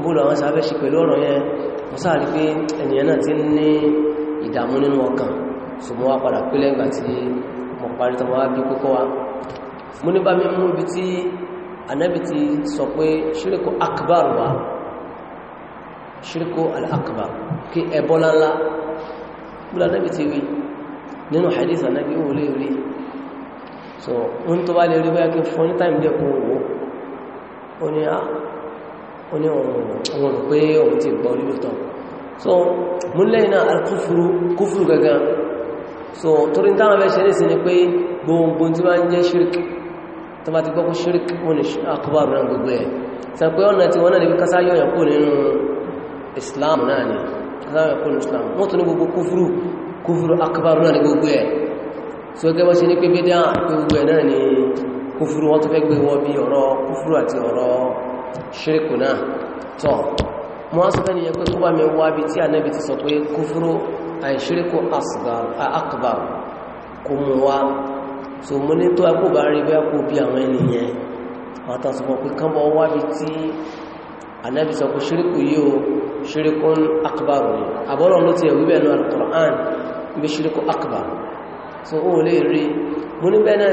gbọ́dọ̀ àwọn sáfẹ́ ṣe pẹ̀lú ọ̀rọ̀ yẹn mo sáà rí pé ènìyàn náà ti ń ní ìdààmú nínú ọkàn ṣùgbọ́n wá padà pé lẹ́gbà tí mo parí tọmọ wá bí kókó wa mo ní bá mi ibi tí anábì ti sọ pé ṣíríkò akbar wa ṣíríkò al-akbar kí ẹbọ lánlá gbọ́dọ̀ anábì ti wí nínú hadith anábì ó lè rí so ń tó bá lè rí bóyá kí fún ní dẹ́kun owó ó ní ah, ó ní ọmọ rò pé òun ti gbọ́ lílò tán so múlẹ̀ iná alkúfúrú kúfúrú gangan so torí táwọn abẹ́ ṣe ní sí ni pé gbogbo tí wọ́n jẹ́ shirk tó bá ti gbọ́ kó shirk wọ́n ni akọbàrù náà gbogbo ẹ̀ sọ pé ọ̀nà tí wọ́n náà níbi kásá yọ̀yàn kúfúrú wọ́n tún fẹ́ gbé wọ́n bí ọ̀rọ̀ kúfúrú àti ọ̀rọ̀ ṣíríkù náà tọ́ mọ́ sọ́fẹ́ ni yẹ pé tó bá mi wá bí tí ànábì ti sọ pé kúfúrú àìṣíríkù akbar kò mú wá so mú ní tó ẹkù bá rí bẹ́ẹ̀ kó bí àwọn ènìyàn àwọn tàṣùpọ̀ pé kán bọ́ wá bí tí ànábì sọ pé ṣíríkù yíò ṣíríkù akbar ni àbọ́lọ̀ ló ti ẹ̀wí bẹ́ẹ̀ náà Al-Qur'an bí ṣíríkù akbar so ó lè rí mú ní bẹ́ẹ̀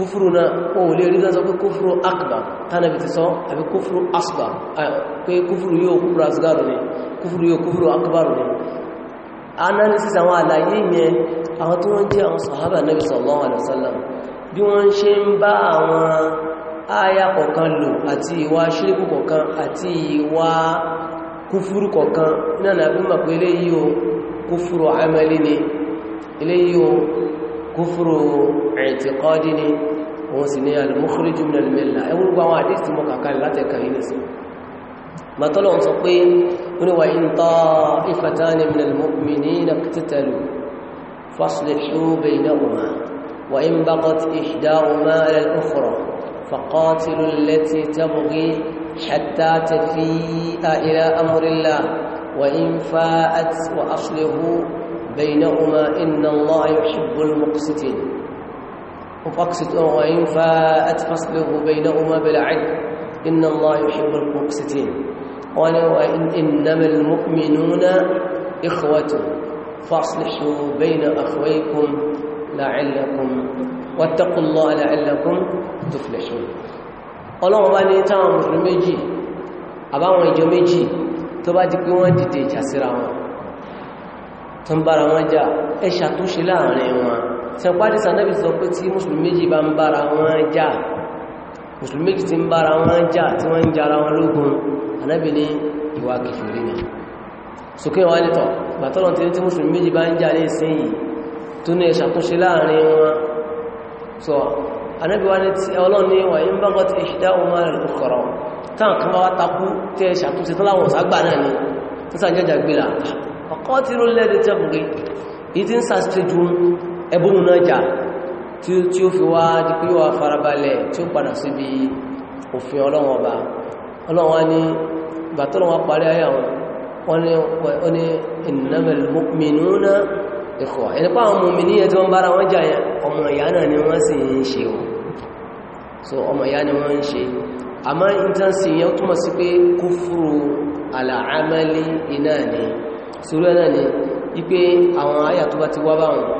kúfúrú náà wọn ò lè rí náà sọ pé kúfúrú akbar tánàbí ti sọ àbí kúfúrú asbar pé kúfúrú yóò kúfúrú asgaru ni kúfúrú yóò kúfúrú akbaru ni analysis àwọn àlàyé yẹn àwọn tó wọ́n jẹ́ àwọn sàhábà nabi sallallahu alaihi wasallam bí wọ́n ṣe ń bá àwọn áyà lo ati àti ìwà ṣíríkù kọ̀ọ̀kan àti ìwà kúfúrú kọ̀ọ̀kan náà nàbí mọ̀ pé eléyìí o kufuru amali ni eléyìí o kúfúrú i'tiqadi ni wọ́n sì ní al-mukhriju min ẹwọ́n gbogbo àwọn àdíṣ tí mọ́ kàkàlẹ̀ látẹ̀kà yìí nìsí mọ́tọ́lọ̀ sọ pé wọ́n wà in ta'ifatani min al-mu'minina iqtatalu faslihu baynahuma wa in baqat وقسطوا وإن فاءت فاصبروا بينهما بالعدل إن الله يحب المقسطين قال وإن إنما المؤمنون إخوة فاصلحوا بين أخويكم لعلكم واتقوا الله لعلكم تفلحون ọlọ́run bá ní táwọn mùsùlùmí méjì àbáwọn ìjọ méjì tó bá di pé wọ́n dìde sẹ̀páàdì sànẹ́bì sọ pé tí mùsùlùmí méjì bá ń bára wọn jà mùsùlùmí méjì ti ń bára wọn jà tí wọ́n ń jara wọn lógun ànábì ní ìwà kìfìrí ni sókè wá nítọ̀ gbàtọ́lọ̀ tí tí mùsùlùmí méjì bá ń jà ní ìsìn yìí tó ní ẹ̀ṣàkúnṣe láàrin wọn sọ ànábì wá ní ẹbúnú náà jà tí ó fi wá di pé wà farabalẹ̀ tí ó padà síbi òfin ọlọ́wọ́n ọba ọlọ́wọ́n ní bàtọ́lọ́wọ́ parí ayé àwọn wọ́n ní innamal mu'minuna ikhwa ẹni pa àwọn mùmìnì yẹn náà ni àwọn àyà tó bá ti wá báwọn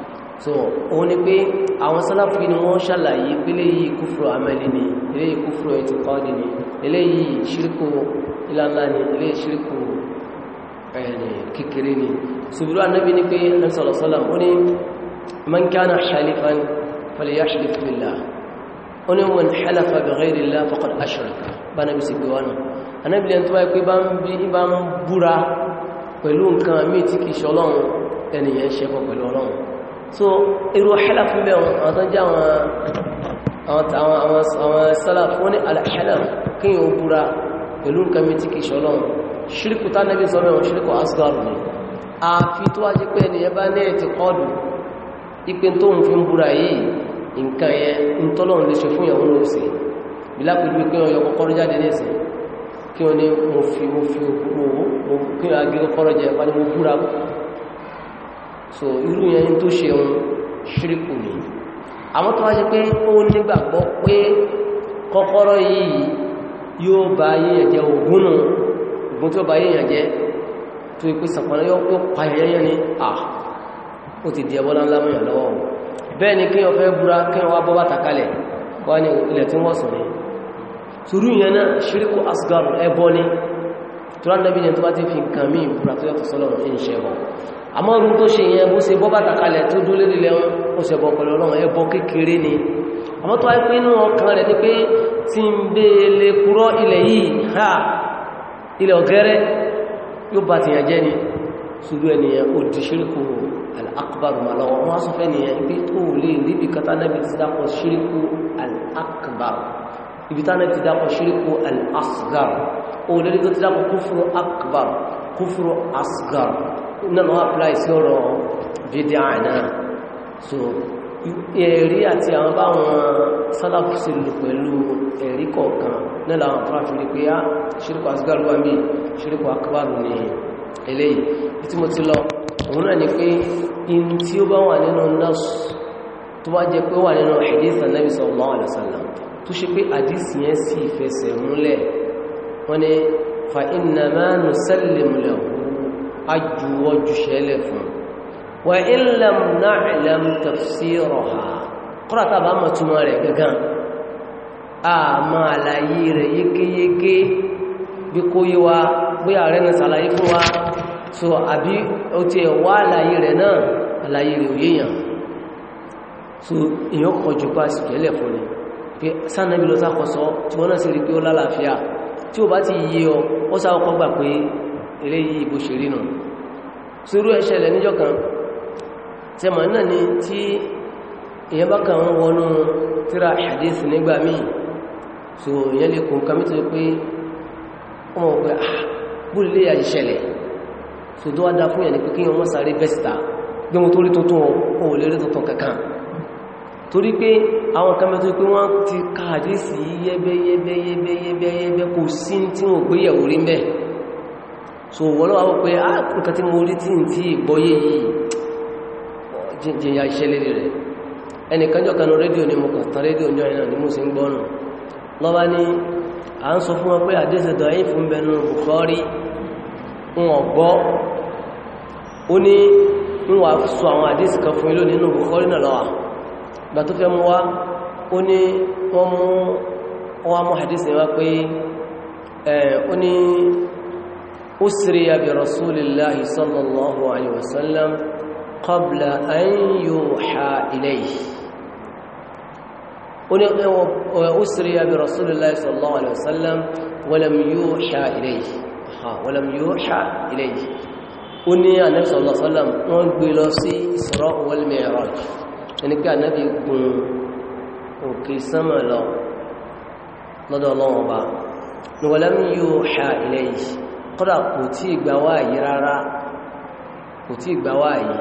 so òun ni pé àwọn sálàfí ni wọ́n ṣàlàyé pílé yìí kúfùrù amẹ́lì ni ilé yìí kúfùrù ẹ̀tù kọ́ọ̀dì ni ilé yìí ṣíríkù ìlànà ni ilé ṣíríkù ẹ̀ẹ̀ni kékeré ni ṣùgbúrú annabi ni pé ẹnsọ̀lọ̀sọ́lá ó ní man kana halifan falyahlif billah ó ní man halafa bighayri llah faqad ashraka bá nabi sì gbéwánu annabi lẹ́n tó wáyé pé bá ń búra pẹ̀lú ọlọ́run so irú halaf mẹ́ àwọn tó jẹ́ àwọn salaf wọ́n ní alhalaf kí yíò búra pẹ̀lú nǹkan mítí kì ṣọ́lọ́n ṣíríkù tá nẹ́bí sọ mẹ́wọ̀n ṣíríkù asgar a fi tó wájí pé ẹni ẹbá ní ẹ̀ ti kọlù ipe tó ń fi ń búra yìí nǹkan yẹn ń tọ́lọ́run lè kí wọ́n ní mo fi mo fi owó kí wọ́n agé kọ́kọ́rọ́ jẹ so irú yẹn tó ṣe ohun ṣíríkù ni àwọn tó wá ṣe pé ó nígbàgbọ́ pé kọ́kọ́rọ́ yìí yóò bá yíyàn jẹ ògùn nù ògùn tí ó bá yíyàn jẹ tó ipé sàpọ̀lẹ́ yóò pa yẹnyẹn ni à ó ti di ẹbọ́lá ńlá mọ́yàn lọ́wọ́ ni kíyàn fẹ́ ni tùrú yẹn náà asgar ẹbọ ni tó rán nàbí yẹn tó bá ti fi nǹkan àmọ́ ọdún tó ṣe yẹn bó ṣe bọ́ bàtà kalẹ̀ tó dúlé lílẹ̀ wọn ó ṣẹ̀bọ̀ pẹ̀lú ọlọ́run ẹbọ kékeré ni àmọ́ tó wáyé pé inú ọkàn rẹ̀ ni pé tí ń bè lè kúrọ́ ilẹ̀ yìí ha ilẹ̀ ọ̀gẹ́rẹ́ yóò bá tìyàn jẹ́ ni ṣùgbọ́ ènìyàn ó di ṣíríkù al-akbar asgar náà máa apply sí ọ̀rọ̀ bídíà so ẹ̀rí àti àwọn báwọn sálàfù sí lò pẹ̀lú ẹ̀rí kọ̀ọ̀kan náà làwọn afúráfí rí pé á ah, ṣíríkọ̀ asgárúwà mí ṣíríkọ̀ akọbàrù ní eléyìí tí mo ti lọ òun náà ni pé in tí ó bá wà nínú nọ́ọ̀sù tó wá jẹ pé wà nínú hadith ajuwọ́jú ṣẹlẹ̀ fún wà ilẹ̀m náàlẹ̀m tafsírọ̀há kọ́rọ̀tà bá mọ̀ túnmọ̀ rẹ̀ gangan a máa láyé rẹ̀ yékéyéké bí kó yí wa bí ààrẹ na sàlàyé fún wa so àbí ó ti wá àlàyé rẹ̀ náà àlàyé rẹ̀ òyíyàn so èyàn kọjú bá sì jẹ́lẹ̀ fún ni pé sánàbí náà sì rí pé eléyìí bó ṣe rí nù sórú ẹ̀ṣẹ̀lẹ̀ níjọ́ kan tí ma náà ni tí èyàn bá kàn wọnú tíra hadith nígbà míì so èyàn lè kún kàmí tó pé ọmọ ọgbẹ̀ ah, búlé àṣẹ̀lẹ̀ so tó wá dá fún yẹn ni pé kí wọ́n sáré vesta gbé wọn torí tuntun o lè rí tuntun kankan torí pé àwọn kan mẹ́tọ́ pé wọ́n ti ká hadith yẹ́bẹ́yẹ́bẹ́yẹ́bẹ́yẹ́bẹ́ kò sí tí wọ́n gbéyàwó rí mẹ́ẹ̀ so wọ́n lọ́wọ́ wọ́n pé a ah, nǹkan tí mo rí tí n tí ìgbọ́yé yìí jìyà iṣẹ́ lérí rẹ̀ ẹnìkanjọ́ kanú rédíò ní mọ̀kàn tán rédíò ní ọ̀nà ní mo sì gbọ́nà lọ́wọ́ ní à ń sọ fún wọn pé àdéṣẹ̀dọ̀ أسري برسول الله صلى الله عليه وسلم قبل أن يوحى إليه أسري برسول الله صلى الله عليه وسلم ولم يوحى إليه ولم يوحى إليه أني أنا صلى الله عليه وسلم أنقل إسراء والمعراج يعني كان نبي يقول أوكي سمع له لدى الله وبعض ولم يوحى إليه kọ́dà kò tí ìgbà wá yìí rárá kò tí ìgbà wá yìí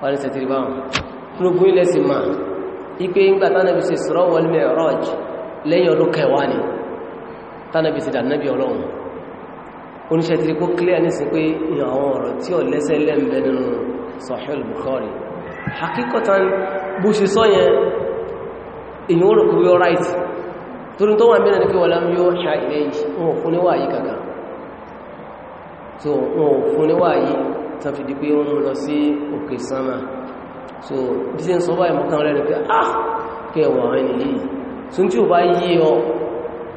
wọ́n lè tẹ̀tẹ̀rẹ̀ báwọn gbogbo ilẹ̀ sì máa ipé ń gbà tánàbí sí Isra wal Mi'raj lẹ́yìn ọdún kẹwàá ni tánàbí sí dànàbí ọlọ́run oníṣẹ́ tí kó clear ní sí pé àwọn ọ̀rọ̀ tí ò lẹ́sẹ̀ lẹ́m̀bẹ̀ nínú Sahih torí tó wà mẹ́rin ní pé wọ́n lámú yóò ṣá ilé yìí wọn ò fún níwà yìí kankan so wọn ò fún níwà yìí tán fi di pé wọ́n lọ sí òkè sánmà so bí sí ń sọ báyìí mọ́kàn rẹ̀ pé ah kẹwàá ni? nìyí tún tí ò bá yí ọ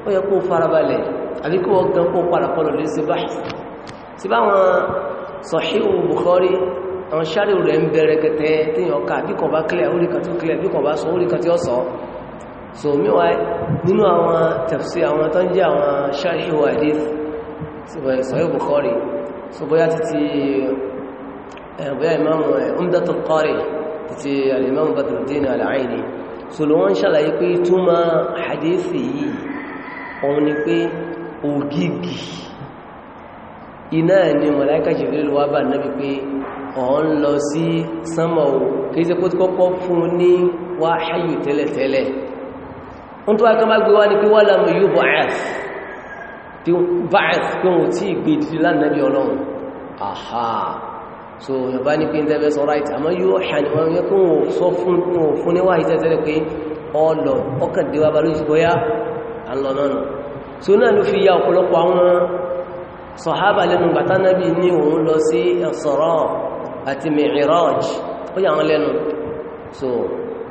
ó yẹ kó farabalẹ̀ àbí kó ọgán kó padà kọlù lé sí báyìí sí báwọn Sahihu Bukhari àwọn sáré rẹ̀ ń bẹ̀rẹ̀ kẹtẹ́ tíyàn ká bí kọ̀ bá clear orí tafsir àwọn tó ń jẹ́ àwọn sáré Bukhari so bóyá títí eh, bóyá ìmáàmù eh, Umdatul Qari títí alìmáàmù Badruddin Al-Aini so ló wọ́n ṣàlàyé pé túmọ̀ hadithi yìí òun ni pé ògìgì iná ni màláíkà Jibril wá bá nábi tí ó báyìí pé wọn tí ìgbé ìdílé lánàbí ọlọ́run àhá so yọba ní pé ìdẹ́bẹ̀ sọ ráìtì àmọ́ yóò hàn ní wọn yẹ kó wọn sọ fún wọn fún níwá so náà ló fi ya ọ̀pọ̀lọpọ̀ àwọn sọ̀hábà lẹ́nu gbàtánábì ní òun lọ sí Mi'raj ó yà wọn so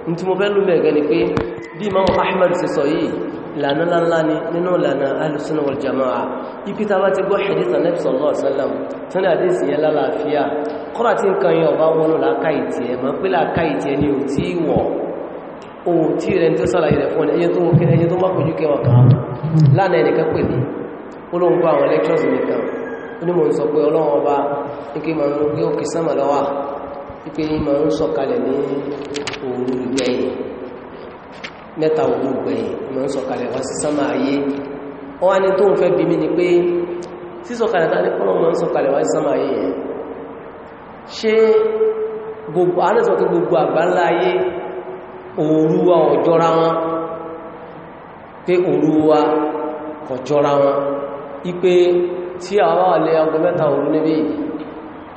ní tí mo fẹ́ lómi ẹ̀gẹ́ ni pé bí Imam Ahmad ṣe sọ yìí lànà lánlá ni nínú lànà Ahlus Sunnah wal Jama'ah ipi ta bá ti gbọ́ hadith Ànábì sallallahu alaihi wasallam tí ní hadith yẹn lálàáfíà kọ́rà tí nǹkan yẹn ọba wọnú làákàìtì ẹ̀ mọ́ pé làákàìtì ẹ̀ ni ò tí wọ̀ ò tí rẹ̀ tí ó sàlàyé rẹ̀ fún ẹyẹ tó kí ẹyẹ tó mọ́kànjú kẹwàá kan lánà ẹnìkan pè mí olóhun wípé ma ń sọ̀kalẹ̀ ní òru ìgbẹ̀yìn mẹ́ta òru ìgbẹ̀yìn ma ń sọ̀kalẹ̀ wá sí sánmà ayé wọ́n wá ní tó ń fẹ́ bí mi ni pé sísọ̀kalẹ̀ tá ní kọ́nà ma ń sọ̀kalẹ̀ wá sí sánmà ayé yẹn ṣé gbogbo anẹ́sọ̀ pé gbogbo àgbáńlá ayé òru wa ọ̀jọ́ra wọn pé òru wa kọ̀jọ́ra wọn ipe tí àwọn alẹ́ ọgbọ̀n mẹ́ta òru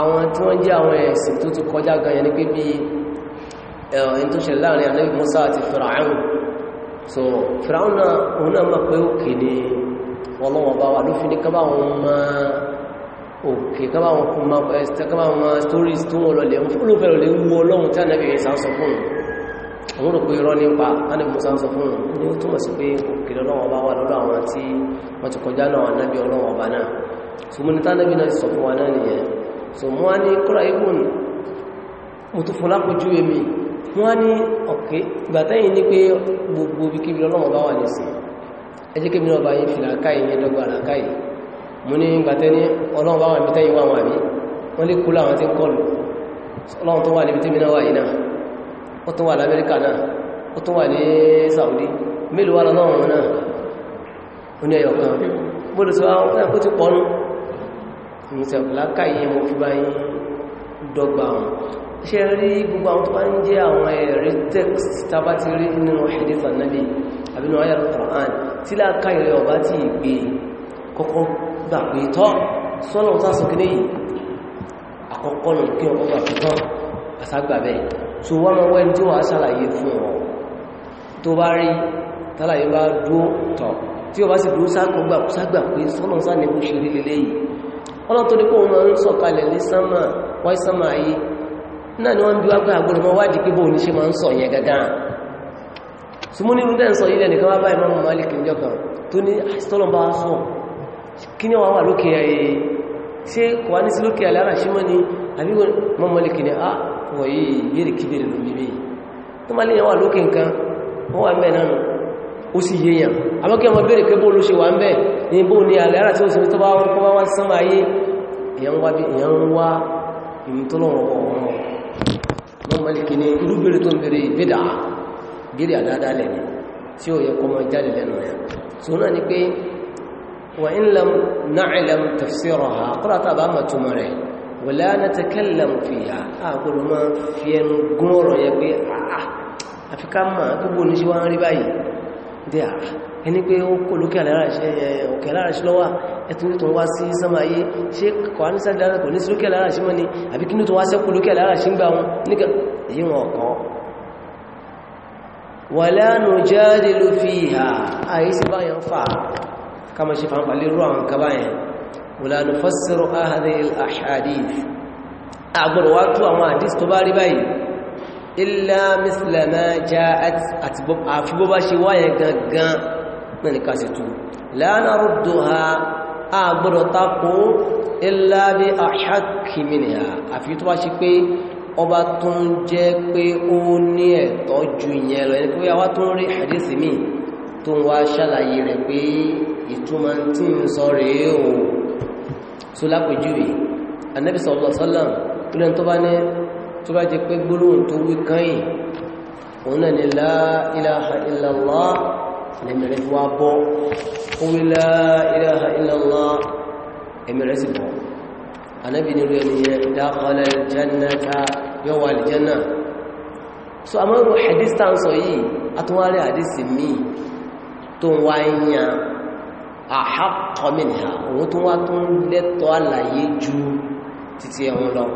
àwọn tí wọ́n jẹ́ àwọn ẹ̀sìn tó ti kọjá gan yẹn ní pé bí ẹ̀rìn tó ṣẹlẹ̀ láàrin ànábì Musa àti Fìràáhùn so Fìràáhùn náà òun náà mọ̀ pé òkè ni ọlọ́wọ̀n bá wà ló fi ní kábàwọn ma òkè kábàwọn kún ma ẹ̀sìn kábàwọn ma stories tó wọ́n lọlẹ̀ olùfẹ́ lọlẹ̀ nípa ànábì Musa sọ fún òun ní ó túmọ̀ sí pé òkè lọ́wọ́n bá wà lọ́dọ̀ àwọn tí wọ́n ti kọjá náà ànábì ọlọ́wọ́n bá náà so ní tánàbì náà sọ fún wa náà nìyẹn so mo wá ní kọ́ra ibùn mo tó fún lápójú èmi mo wá ní ọ̀kẹ́ gbàtẹ́yìn ní gbogbo bí kébìlì ọba yìí fìlà káyì yẹn dọ́gba àlàkáyì mo ní gbàtẹ́ ní ọlọ́wọ́ bá wà níbi tẹ́yìn wà wàmí wọ́n lè kú láwọn tí ń kọlù ọlọ́wọ́ tó wà níbi tẹ́mi náà wà yìí náà ó ìyíṣẹ́ ọ̀pọ̀láká yìí mo fi bá yín dọ́gba wọn ṣe rí gbogbo àwọn tó bá ń jẹ́ àwọn ẹ̀rí text tàbá ti rí nínú hadith Ànábì àbínú ayà Al-Qur'an tí láàká ìrẹ́ ọ̀bá tí ìgbé kọ́kọ́ gbà pé tọ́ sọ́nà tásùkí ní àkọ́kọ́ nù kí ọkọ́ gbà pé tọ́ sáà ní kó ṣe rí lélẹ́yìí ọlọ́run tó ní kó wọn ń sọ̀kalẹ̀ ní sánmà wáyé sánmà ayé náà ni wọ́n bí wágbà agbóhùn wọn wádìí pé bóun ní ṣe máa ń sọ yẹn gangan súnmọ́ nínú dẹ́ ń sọ yílẹ̀ nìkan wá bá Imam Malik níjọ kan tó ní àṣìtọ́lọ̀ ah, bá sọ kí ní wọ́n wà lókè ayé ṣe kò wá ní sí lókè ó sì yíyàn àmọ́kí ọmọ bèèrè pé bó ló ṣe wà ń bẹ́ ní bó ní àlẹ́ra tí ó sì tó bá wọ́n kọ́ wá sánmà ayé èyàn wá bí èyàn ń wá ìmútọ́lọ̀wọ̀n wọ̀lá na takallam fiya a gbọ́dọ̀ ma fi ẹnu gún ọ̀rọ̀ yẹ pé àà àfikà máa gbogbo ní ṣe wá ń rí báyìí dẹ́ à ẹni pé ó kó lókè aláràṣí lọ́wà ẹtún tó wá sí sánmà ayé ṣe kọ̀wání sáàdára kò ní sí lókè aláràṣí mọ́ ni àbí kí ní tó wá sẹ́kù lókè aláràṣí ń gbà wọn níkà èyí wọn ọ̀kọ́ wà lánà jáde ló fi ìhà àyíṣẹ́ báyàn fà kama ṣe fàǹfà lérò àwọn kaba yẹn wà lánà fásirò ahadil ahadith àgbọ̀rọ̀ wá tú àwọn ilá mísìlẹ̀mẹ́ já àti bó bá ṣe wáyẹ gangan náà nìkan sì tú lánàrú dùhà àgbọ́dọ̀ takò ilá bí àṣàkìmìnìyà àfi tó bá ṣe pé ọba tó ń jẹ́ pé ó ní ẹ̀tọ́ ju ìyẹn lọ ẹni pé àwa tó ń rí àdísì tó bá jẹ pé gbólóhùn tó wí kányìn òun náà ni la ilaha illallah lẹ́mẹ̀rẹ́ fi wá bọ́ ó wí la ilaha illallah ẹ̀mẹ̀rẹ́ sì bọ́ anábì nílò ẹniyẹn dakhala aljannata yóò wà aljanna so a mọ́rún hadith tán sọ yìí atúnwárí hadith míì tó wá ń yan ahaqqa minha òun tó wá tó lẹ́tọ́ àlàyé ju títí ẹ̀hún lọ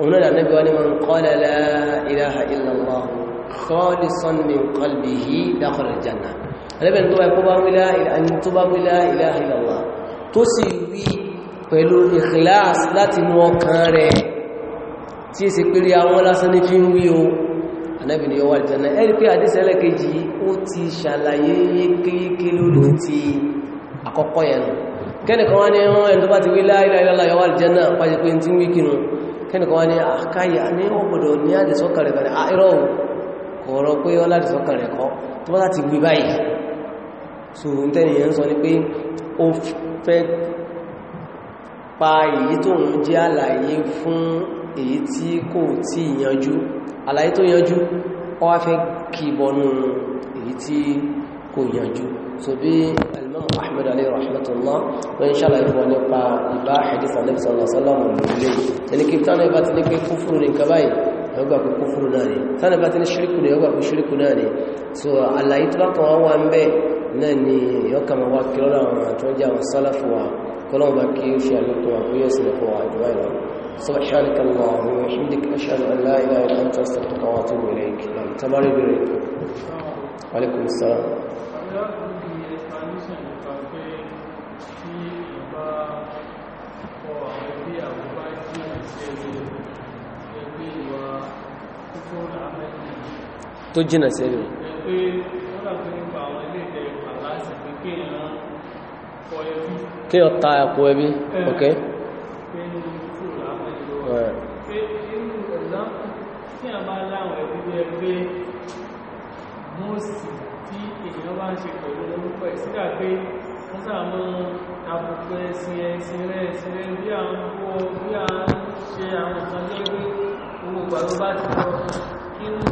ونولا النبي وأن من قال لا إله إلا الله خالصا من قلبه دخل الجنة النبي أن تبا لا إله أن تبا لا إله إلا الله تسوي pẹ̀lú ìkìláàs láti inú ọkàn rẹ̀ tí èsì pé rí àwọn lásán ní fi ń wí o Ànábì ní ọwà ìjànà ẹ̀rí pé àdísẹ́lẹ̀ kejì ó ti ṣàlàyé yékéyéké lórí ti àkọ́kọ́ yẹn kẹ́nìkan wá ní kẹ́nìkan wá ní àkáyà ah, ní ọgbọ̀dọ̀ ní àdìsọ́kàn rẹ̀ bẹ̀rẹ̀ àìrọ̀ ah, kọ̀ọ̀rọ̀ pé ọlá àdìsọ́kàn rẹ̀ tó bá láti gbé báyìí so n tẹ́nìyàn sọ ní pé ó fẹ́ pa èyí tó ń jẹ́ àlàyé fún èyí tí kò tí yanjú àlàyé tó yanjú ó wá fẹ́ kìbọnú èyí tí kò yanjú سبي الإمام أحمد عليه رحمة الله وإن شاء الله يكون يبقى يبقى حديث النبي صلى الله عليه وسلم يعني كيف تانا يبقى تنك كفر للكبائر يبقى كفر ناني تانا يبقى تنك شرك يبقى شرك ناني سو على إطلاق هو أمبي ناني يوكا مواك كلنا تونجا والسلف وكلنا باكي وشي عليكم ويسل فوا أجوائنا سبحانك اللهم وبحمدك أشهد أن لا إله إلا أنت أستغفرك وأتوب إليك تبارك بريك وعليكم السلام tó jìnà sẹ́rí o kí o ta ẹ̀kọ́ ẹbí ok mọ́sí ń ṣe pẹ̀lú orúkọ ẹ̀ pé wọ́n sàmọ́ àbùkù ẹ̀sìn ẹ̀sìn rẹ̀ ẹ̀sìn rẹ̀ bí a ń bí a ń ṣe àwọn ìtànjẹ́ pé owó ìgbà bá ti lọ kí ń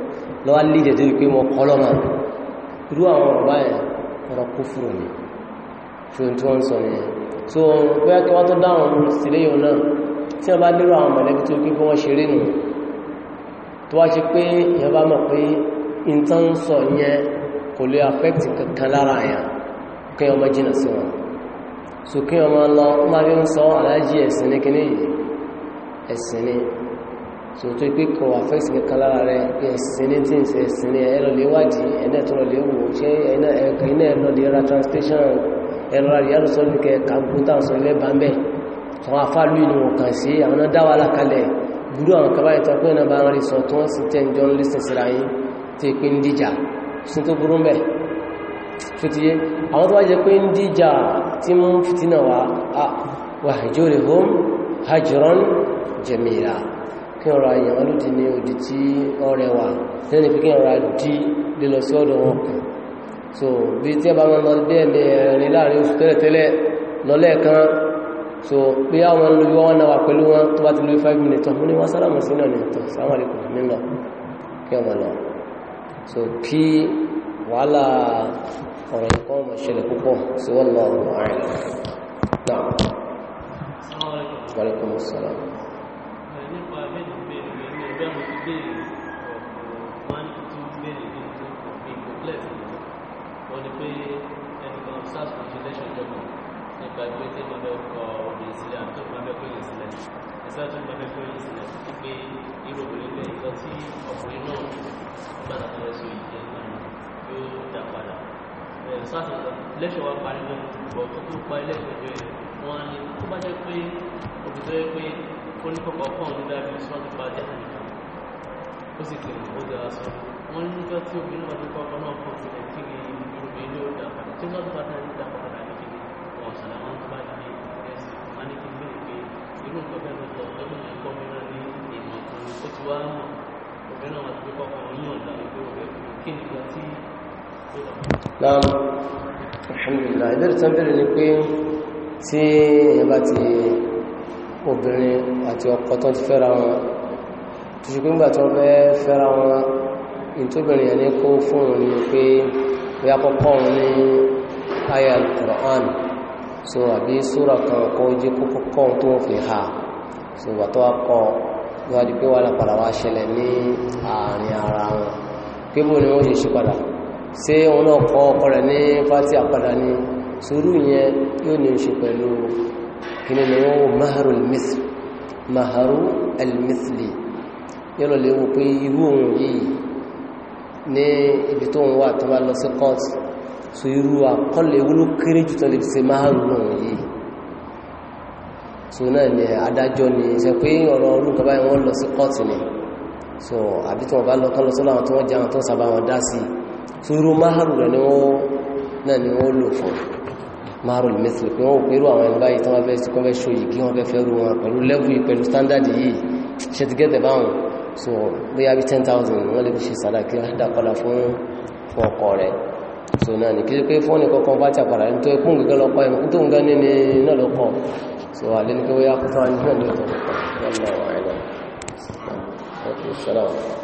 lọ́wọ́ lídẹ̀ tó wípé wọn kọ́ lọ́mọ irú àwọn ọ̀rọ̀ báyẹn ọ̀rọ̀ kó fúrò ní ṣe tí wọ́n ń sọ nìyẹn so bóyá kí wọ́n tó dáhùn sílẹ̀ yóò náà tí wọ́n bá lérò àwọn mọ̀lẹ́bí tó wípé wọ́n ṣeré nù tó wá ṣe pé ìyẹn bá mọ̀ pé ìtàn sọ yẹn kò lè affect so kí wọ́n mọ̀ lọ máa fi ń sọ aláàjì ẹ̀sìn so tó pé kọ àfẹ́sì kankan lára rẹ pé ẹ̀sìn ní tí ń ṣe ẹ̀sìn ní ẹ̀rọ léwádìí ẹ̀nà ẹ̀tọ́rọ léwò ṣé ẹ̀kọ́ iná ẹ̀rọ lè ra translation ẹ̀rọ àríyàrò sọ́lù kẹ kàǹpútà sọ lẹ́bà ń bẹ̀ tó wọn afá lóyìn ni wọn kàn sí àwọn dá wà lákalẹ̀ gbúrú àwọn kaba ìtọ́ pé ẹ̀nà bá ń rí sọ ah, jamila kí ọ̀rọ̀ àyàn wọn lòdì ní òdì tí ọrẹ wà lẹ́nu pé kí ọ̀rọ̀ àdí lè sí ọ̀dọ̀ wọn kù so bí tí a bá máa bí ẹ̀mí ẹ̀rin láàrin oṣù tẹ́lẹ̀tẹ́lẹ̀ lọ́lẹ́ kan so pé àwọn olùgbé wọn náà wà pẹ̀lú wọn tó bá ti lórí 5 minutes tán mú ní wọ́n sálàmù sí náà nìtọ̀ sáwọn àlekò nílọ so kí wàhálà ọ̀rọ̀ nǹkan ọmọ ṣẹlẹ̀ fẹ́ mo ti béèrè wọ́n ti béèrè bí tó bí complex wọ́n ni pé ẹnìkan sars consultation jọmọ nípa pé tí wọ́n fẹ́ kọ obìnrin sílẹ̀ àti tó máa fẹ́ kó yẹn sílẹ̀ ìṣẹ́ tó máa fẹ́ kó yẹn sílẹ̀ pé irú obìnrin bẹ́ẹ̀ nǹkan tí ọkùnrin náà gbàdá tó lọ sí òyìn jẹ́ náà yóò dà padà sars lẹ́sọ̀ wa parí náà bọ̀ tó tó parí lẹ́sọ̀ jẹ́ wọ́n á tó bá jẹ́ pé òbí tó yẹ pé ó ní kọ̀ọ̀kan nígbà bí ó sì tẹ̀lé ó dára sọ wọ́n ní níjọ́ tí obìnrin náà ti kọ́ ọkọ náà kò tilẹ̀ kí ni obìnrin ló dà padà tí wọ́n bá dárí dà padà ní kí ni wọ́n ṣàlà wọn bá ní ẹ̀sìn wọn ní kí n bèrè pé irú nǹkan bẹ́ẹ̀ tọ̀ lọ́dún yẹn kọ́ mi náà ní ìmọ̀ tó ó ti wá mọ̀ obìnrin wà ti kọ́ ọkọ yíyan dà wípé òwe kí ni ìgbà tí ó lọ. naam alhamdulillah ìbéèrè tó ń bèrè ni pé tí ẹ bá ti obìnrin tó ṣe pé ńgbà tó fẹ́ fẹ́ra wọn ìtòbìnrin yẹn ní kó fún òun ni pé bóyá kọ́kọ́ òun ní aya al-Qur'an so àbí sóra kan kọ́ jẹ́ kó kọ́kọ́ òun tó ń fi ha so ìgbà tó wá kọ́ pé wà lápàdà wá ṣẹlẹ̀ ní àárín ara wọn pé bó ni wọ́n ṣe ṣe padà ṣé òun náà kọ́ ọkọ rẹ̀ ní fásitì àpadà ní sùúrù yẹn yóò ní ṣe pẹ̀lú kí ni wọ́n maharu al-mithli yọ́lọ̀ lè wo pé irú ohun yìí ní ibi tó ń wà tó bá lọ sí court so irú àkọlẹ̀ ewu ló kéré jù tó lè fi ṣe márùn ohun yìí so náà ni adájọ́ ni ṣe pé ọ̀rọ̀ ọdún kan báyìí lọ sí court ni so àbí tí wọ́n bá lọ kán lọ sọ́lọ́ àwọn tí wọ́n jẹ́ àwọn tó sábà wọn dá sí so irú márùn rẹ̀ ni wọ́n náà ni wọ́n lò fún márùn mẹ́sìlì pé wọ́n ò pé àwọn ẹni báyìí tí wọ́n fẹ́ ṣòyí kí wọ́n fẹ́ fẹ́ rú wọn pẹ̀lú level pẹ̀lú standard yìí ṣe ti gẹ́tẹ̀ báwọn so bóyá bí 10,000 wọ́n lè fi sàdákí dákọ́lá fún ọkọ rẹ̀ so náà ní kíkẹ́ fọ́nì kọ́kọ́ bá tàbàrà ní tó ẹkùn gẹ́gẹ́ lọ́pọ̀ ẹ̀mù tó ń gẹ́ ní náà lọ́kọ́ so alẹ́ ní kí wọ́n yá kọ́kọ́ ní náà lọ́kọ́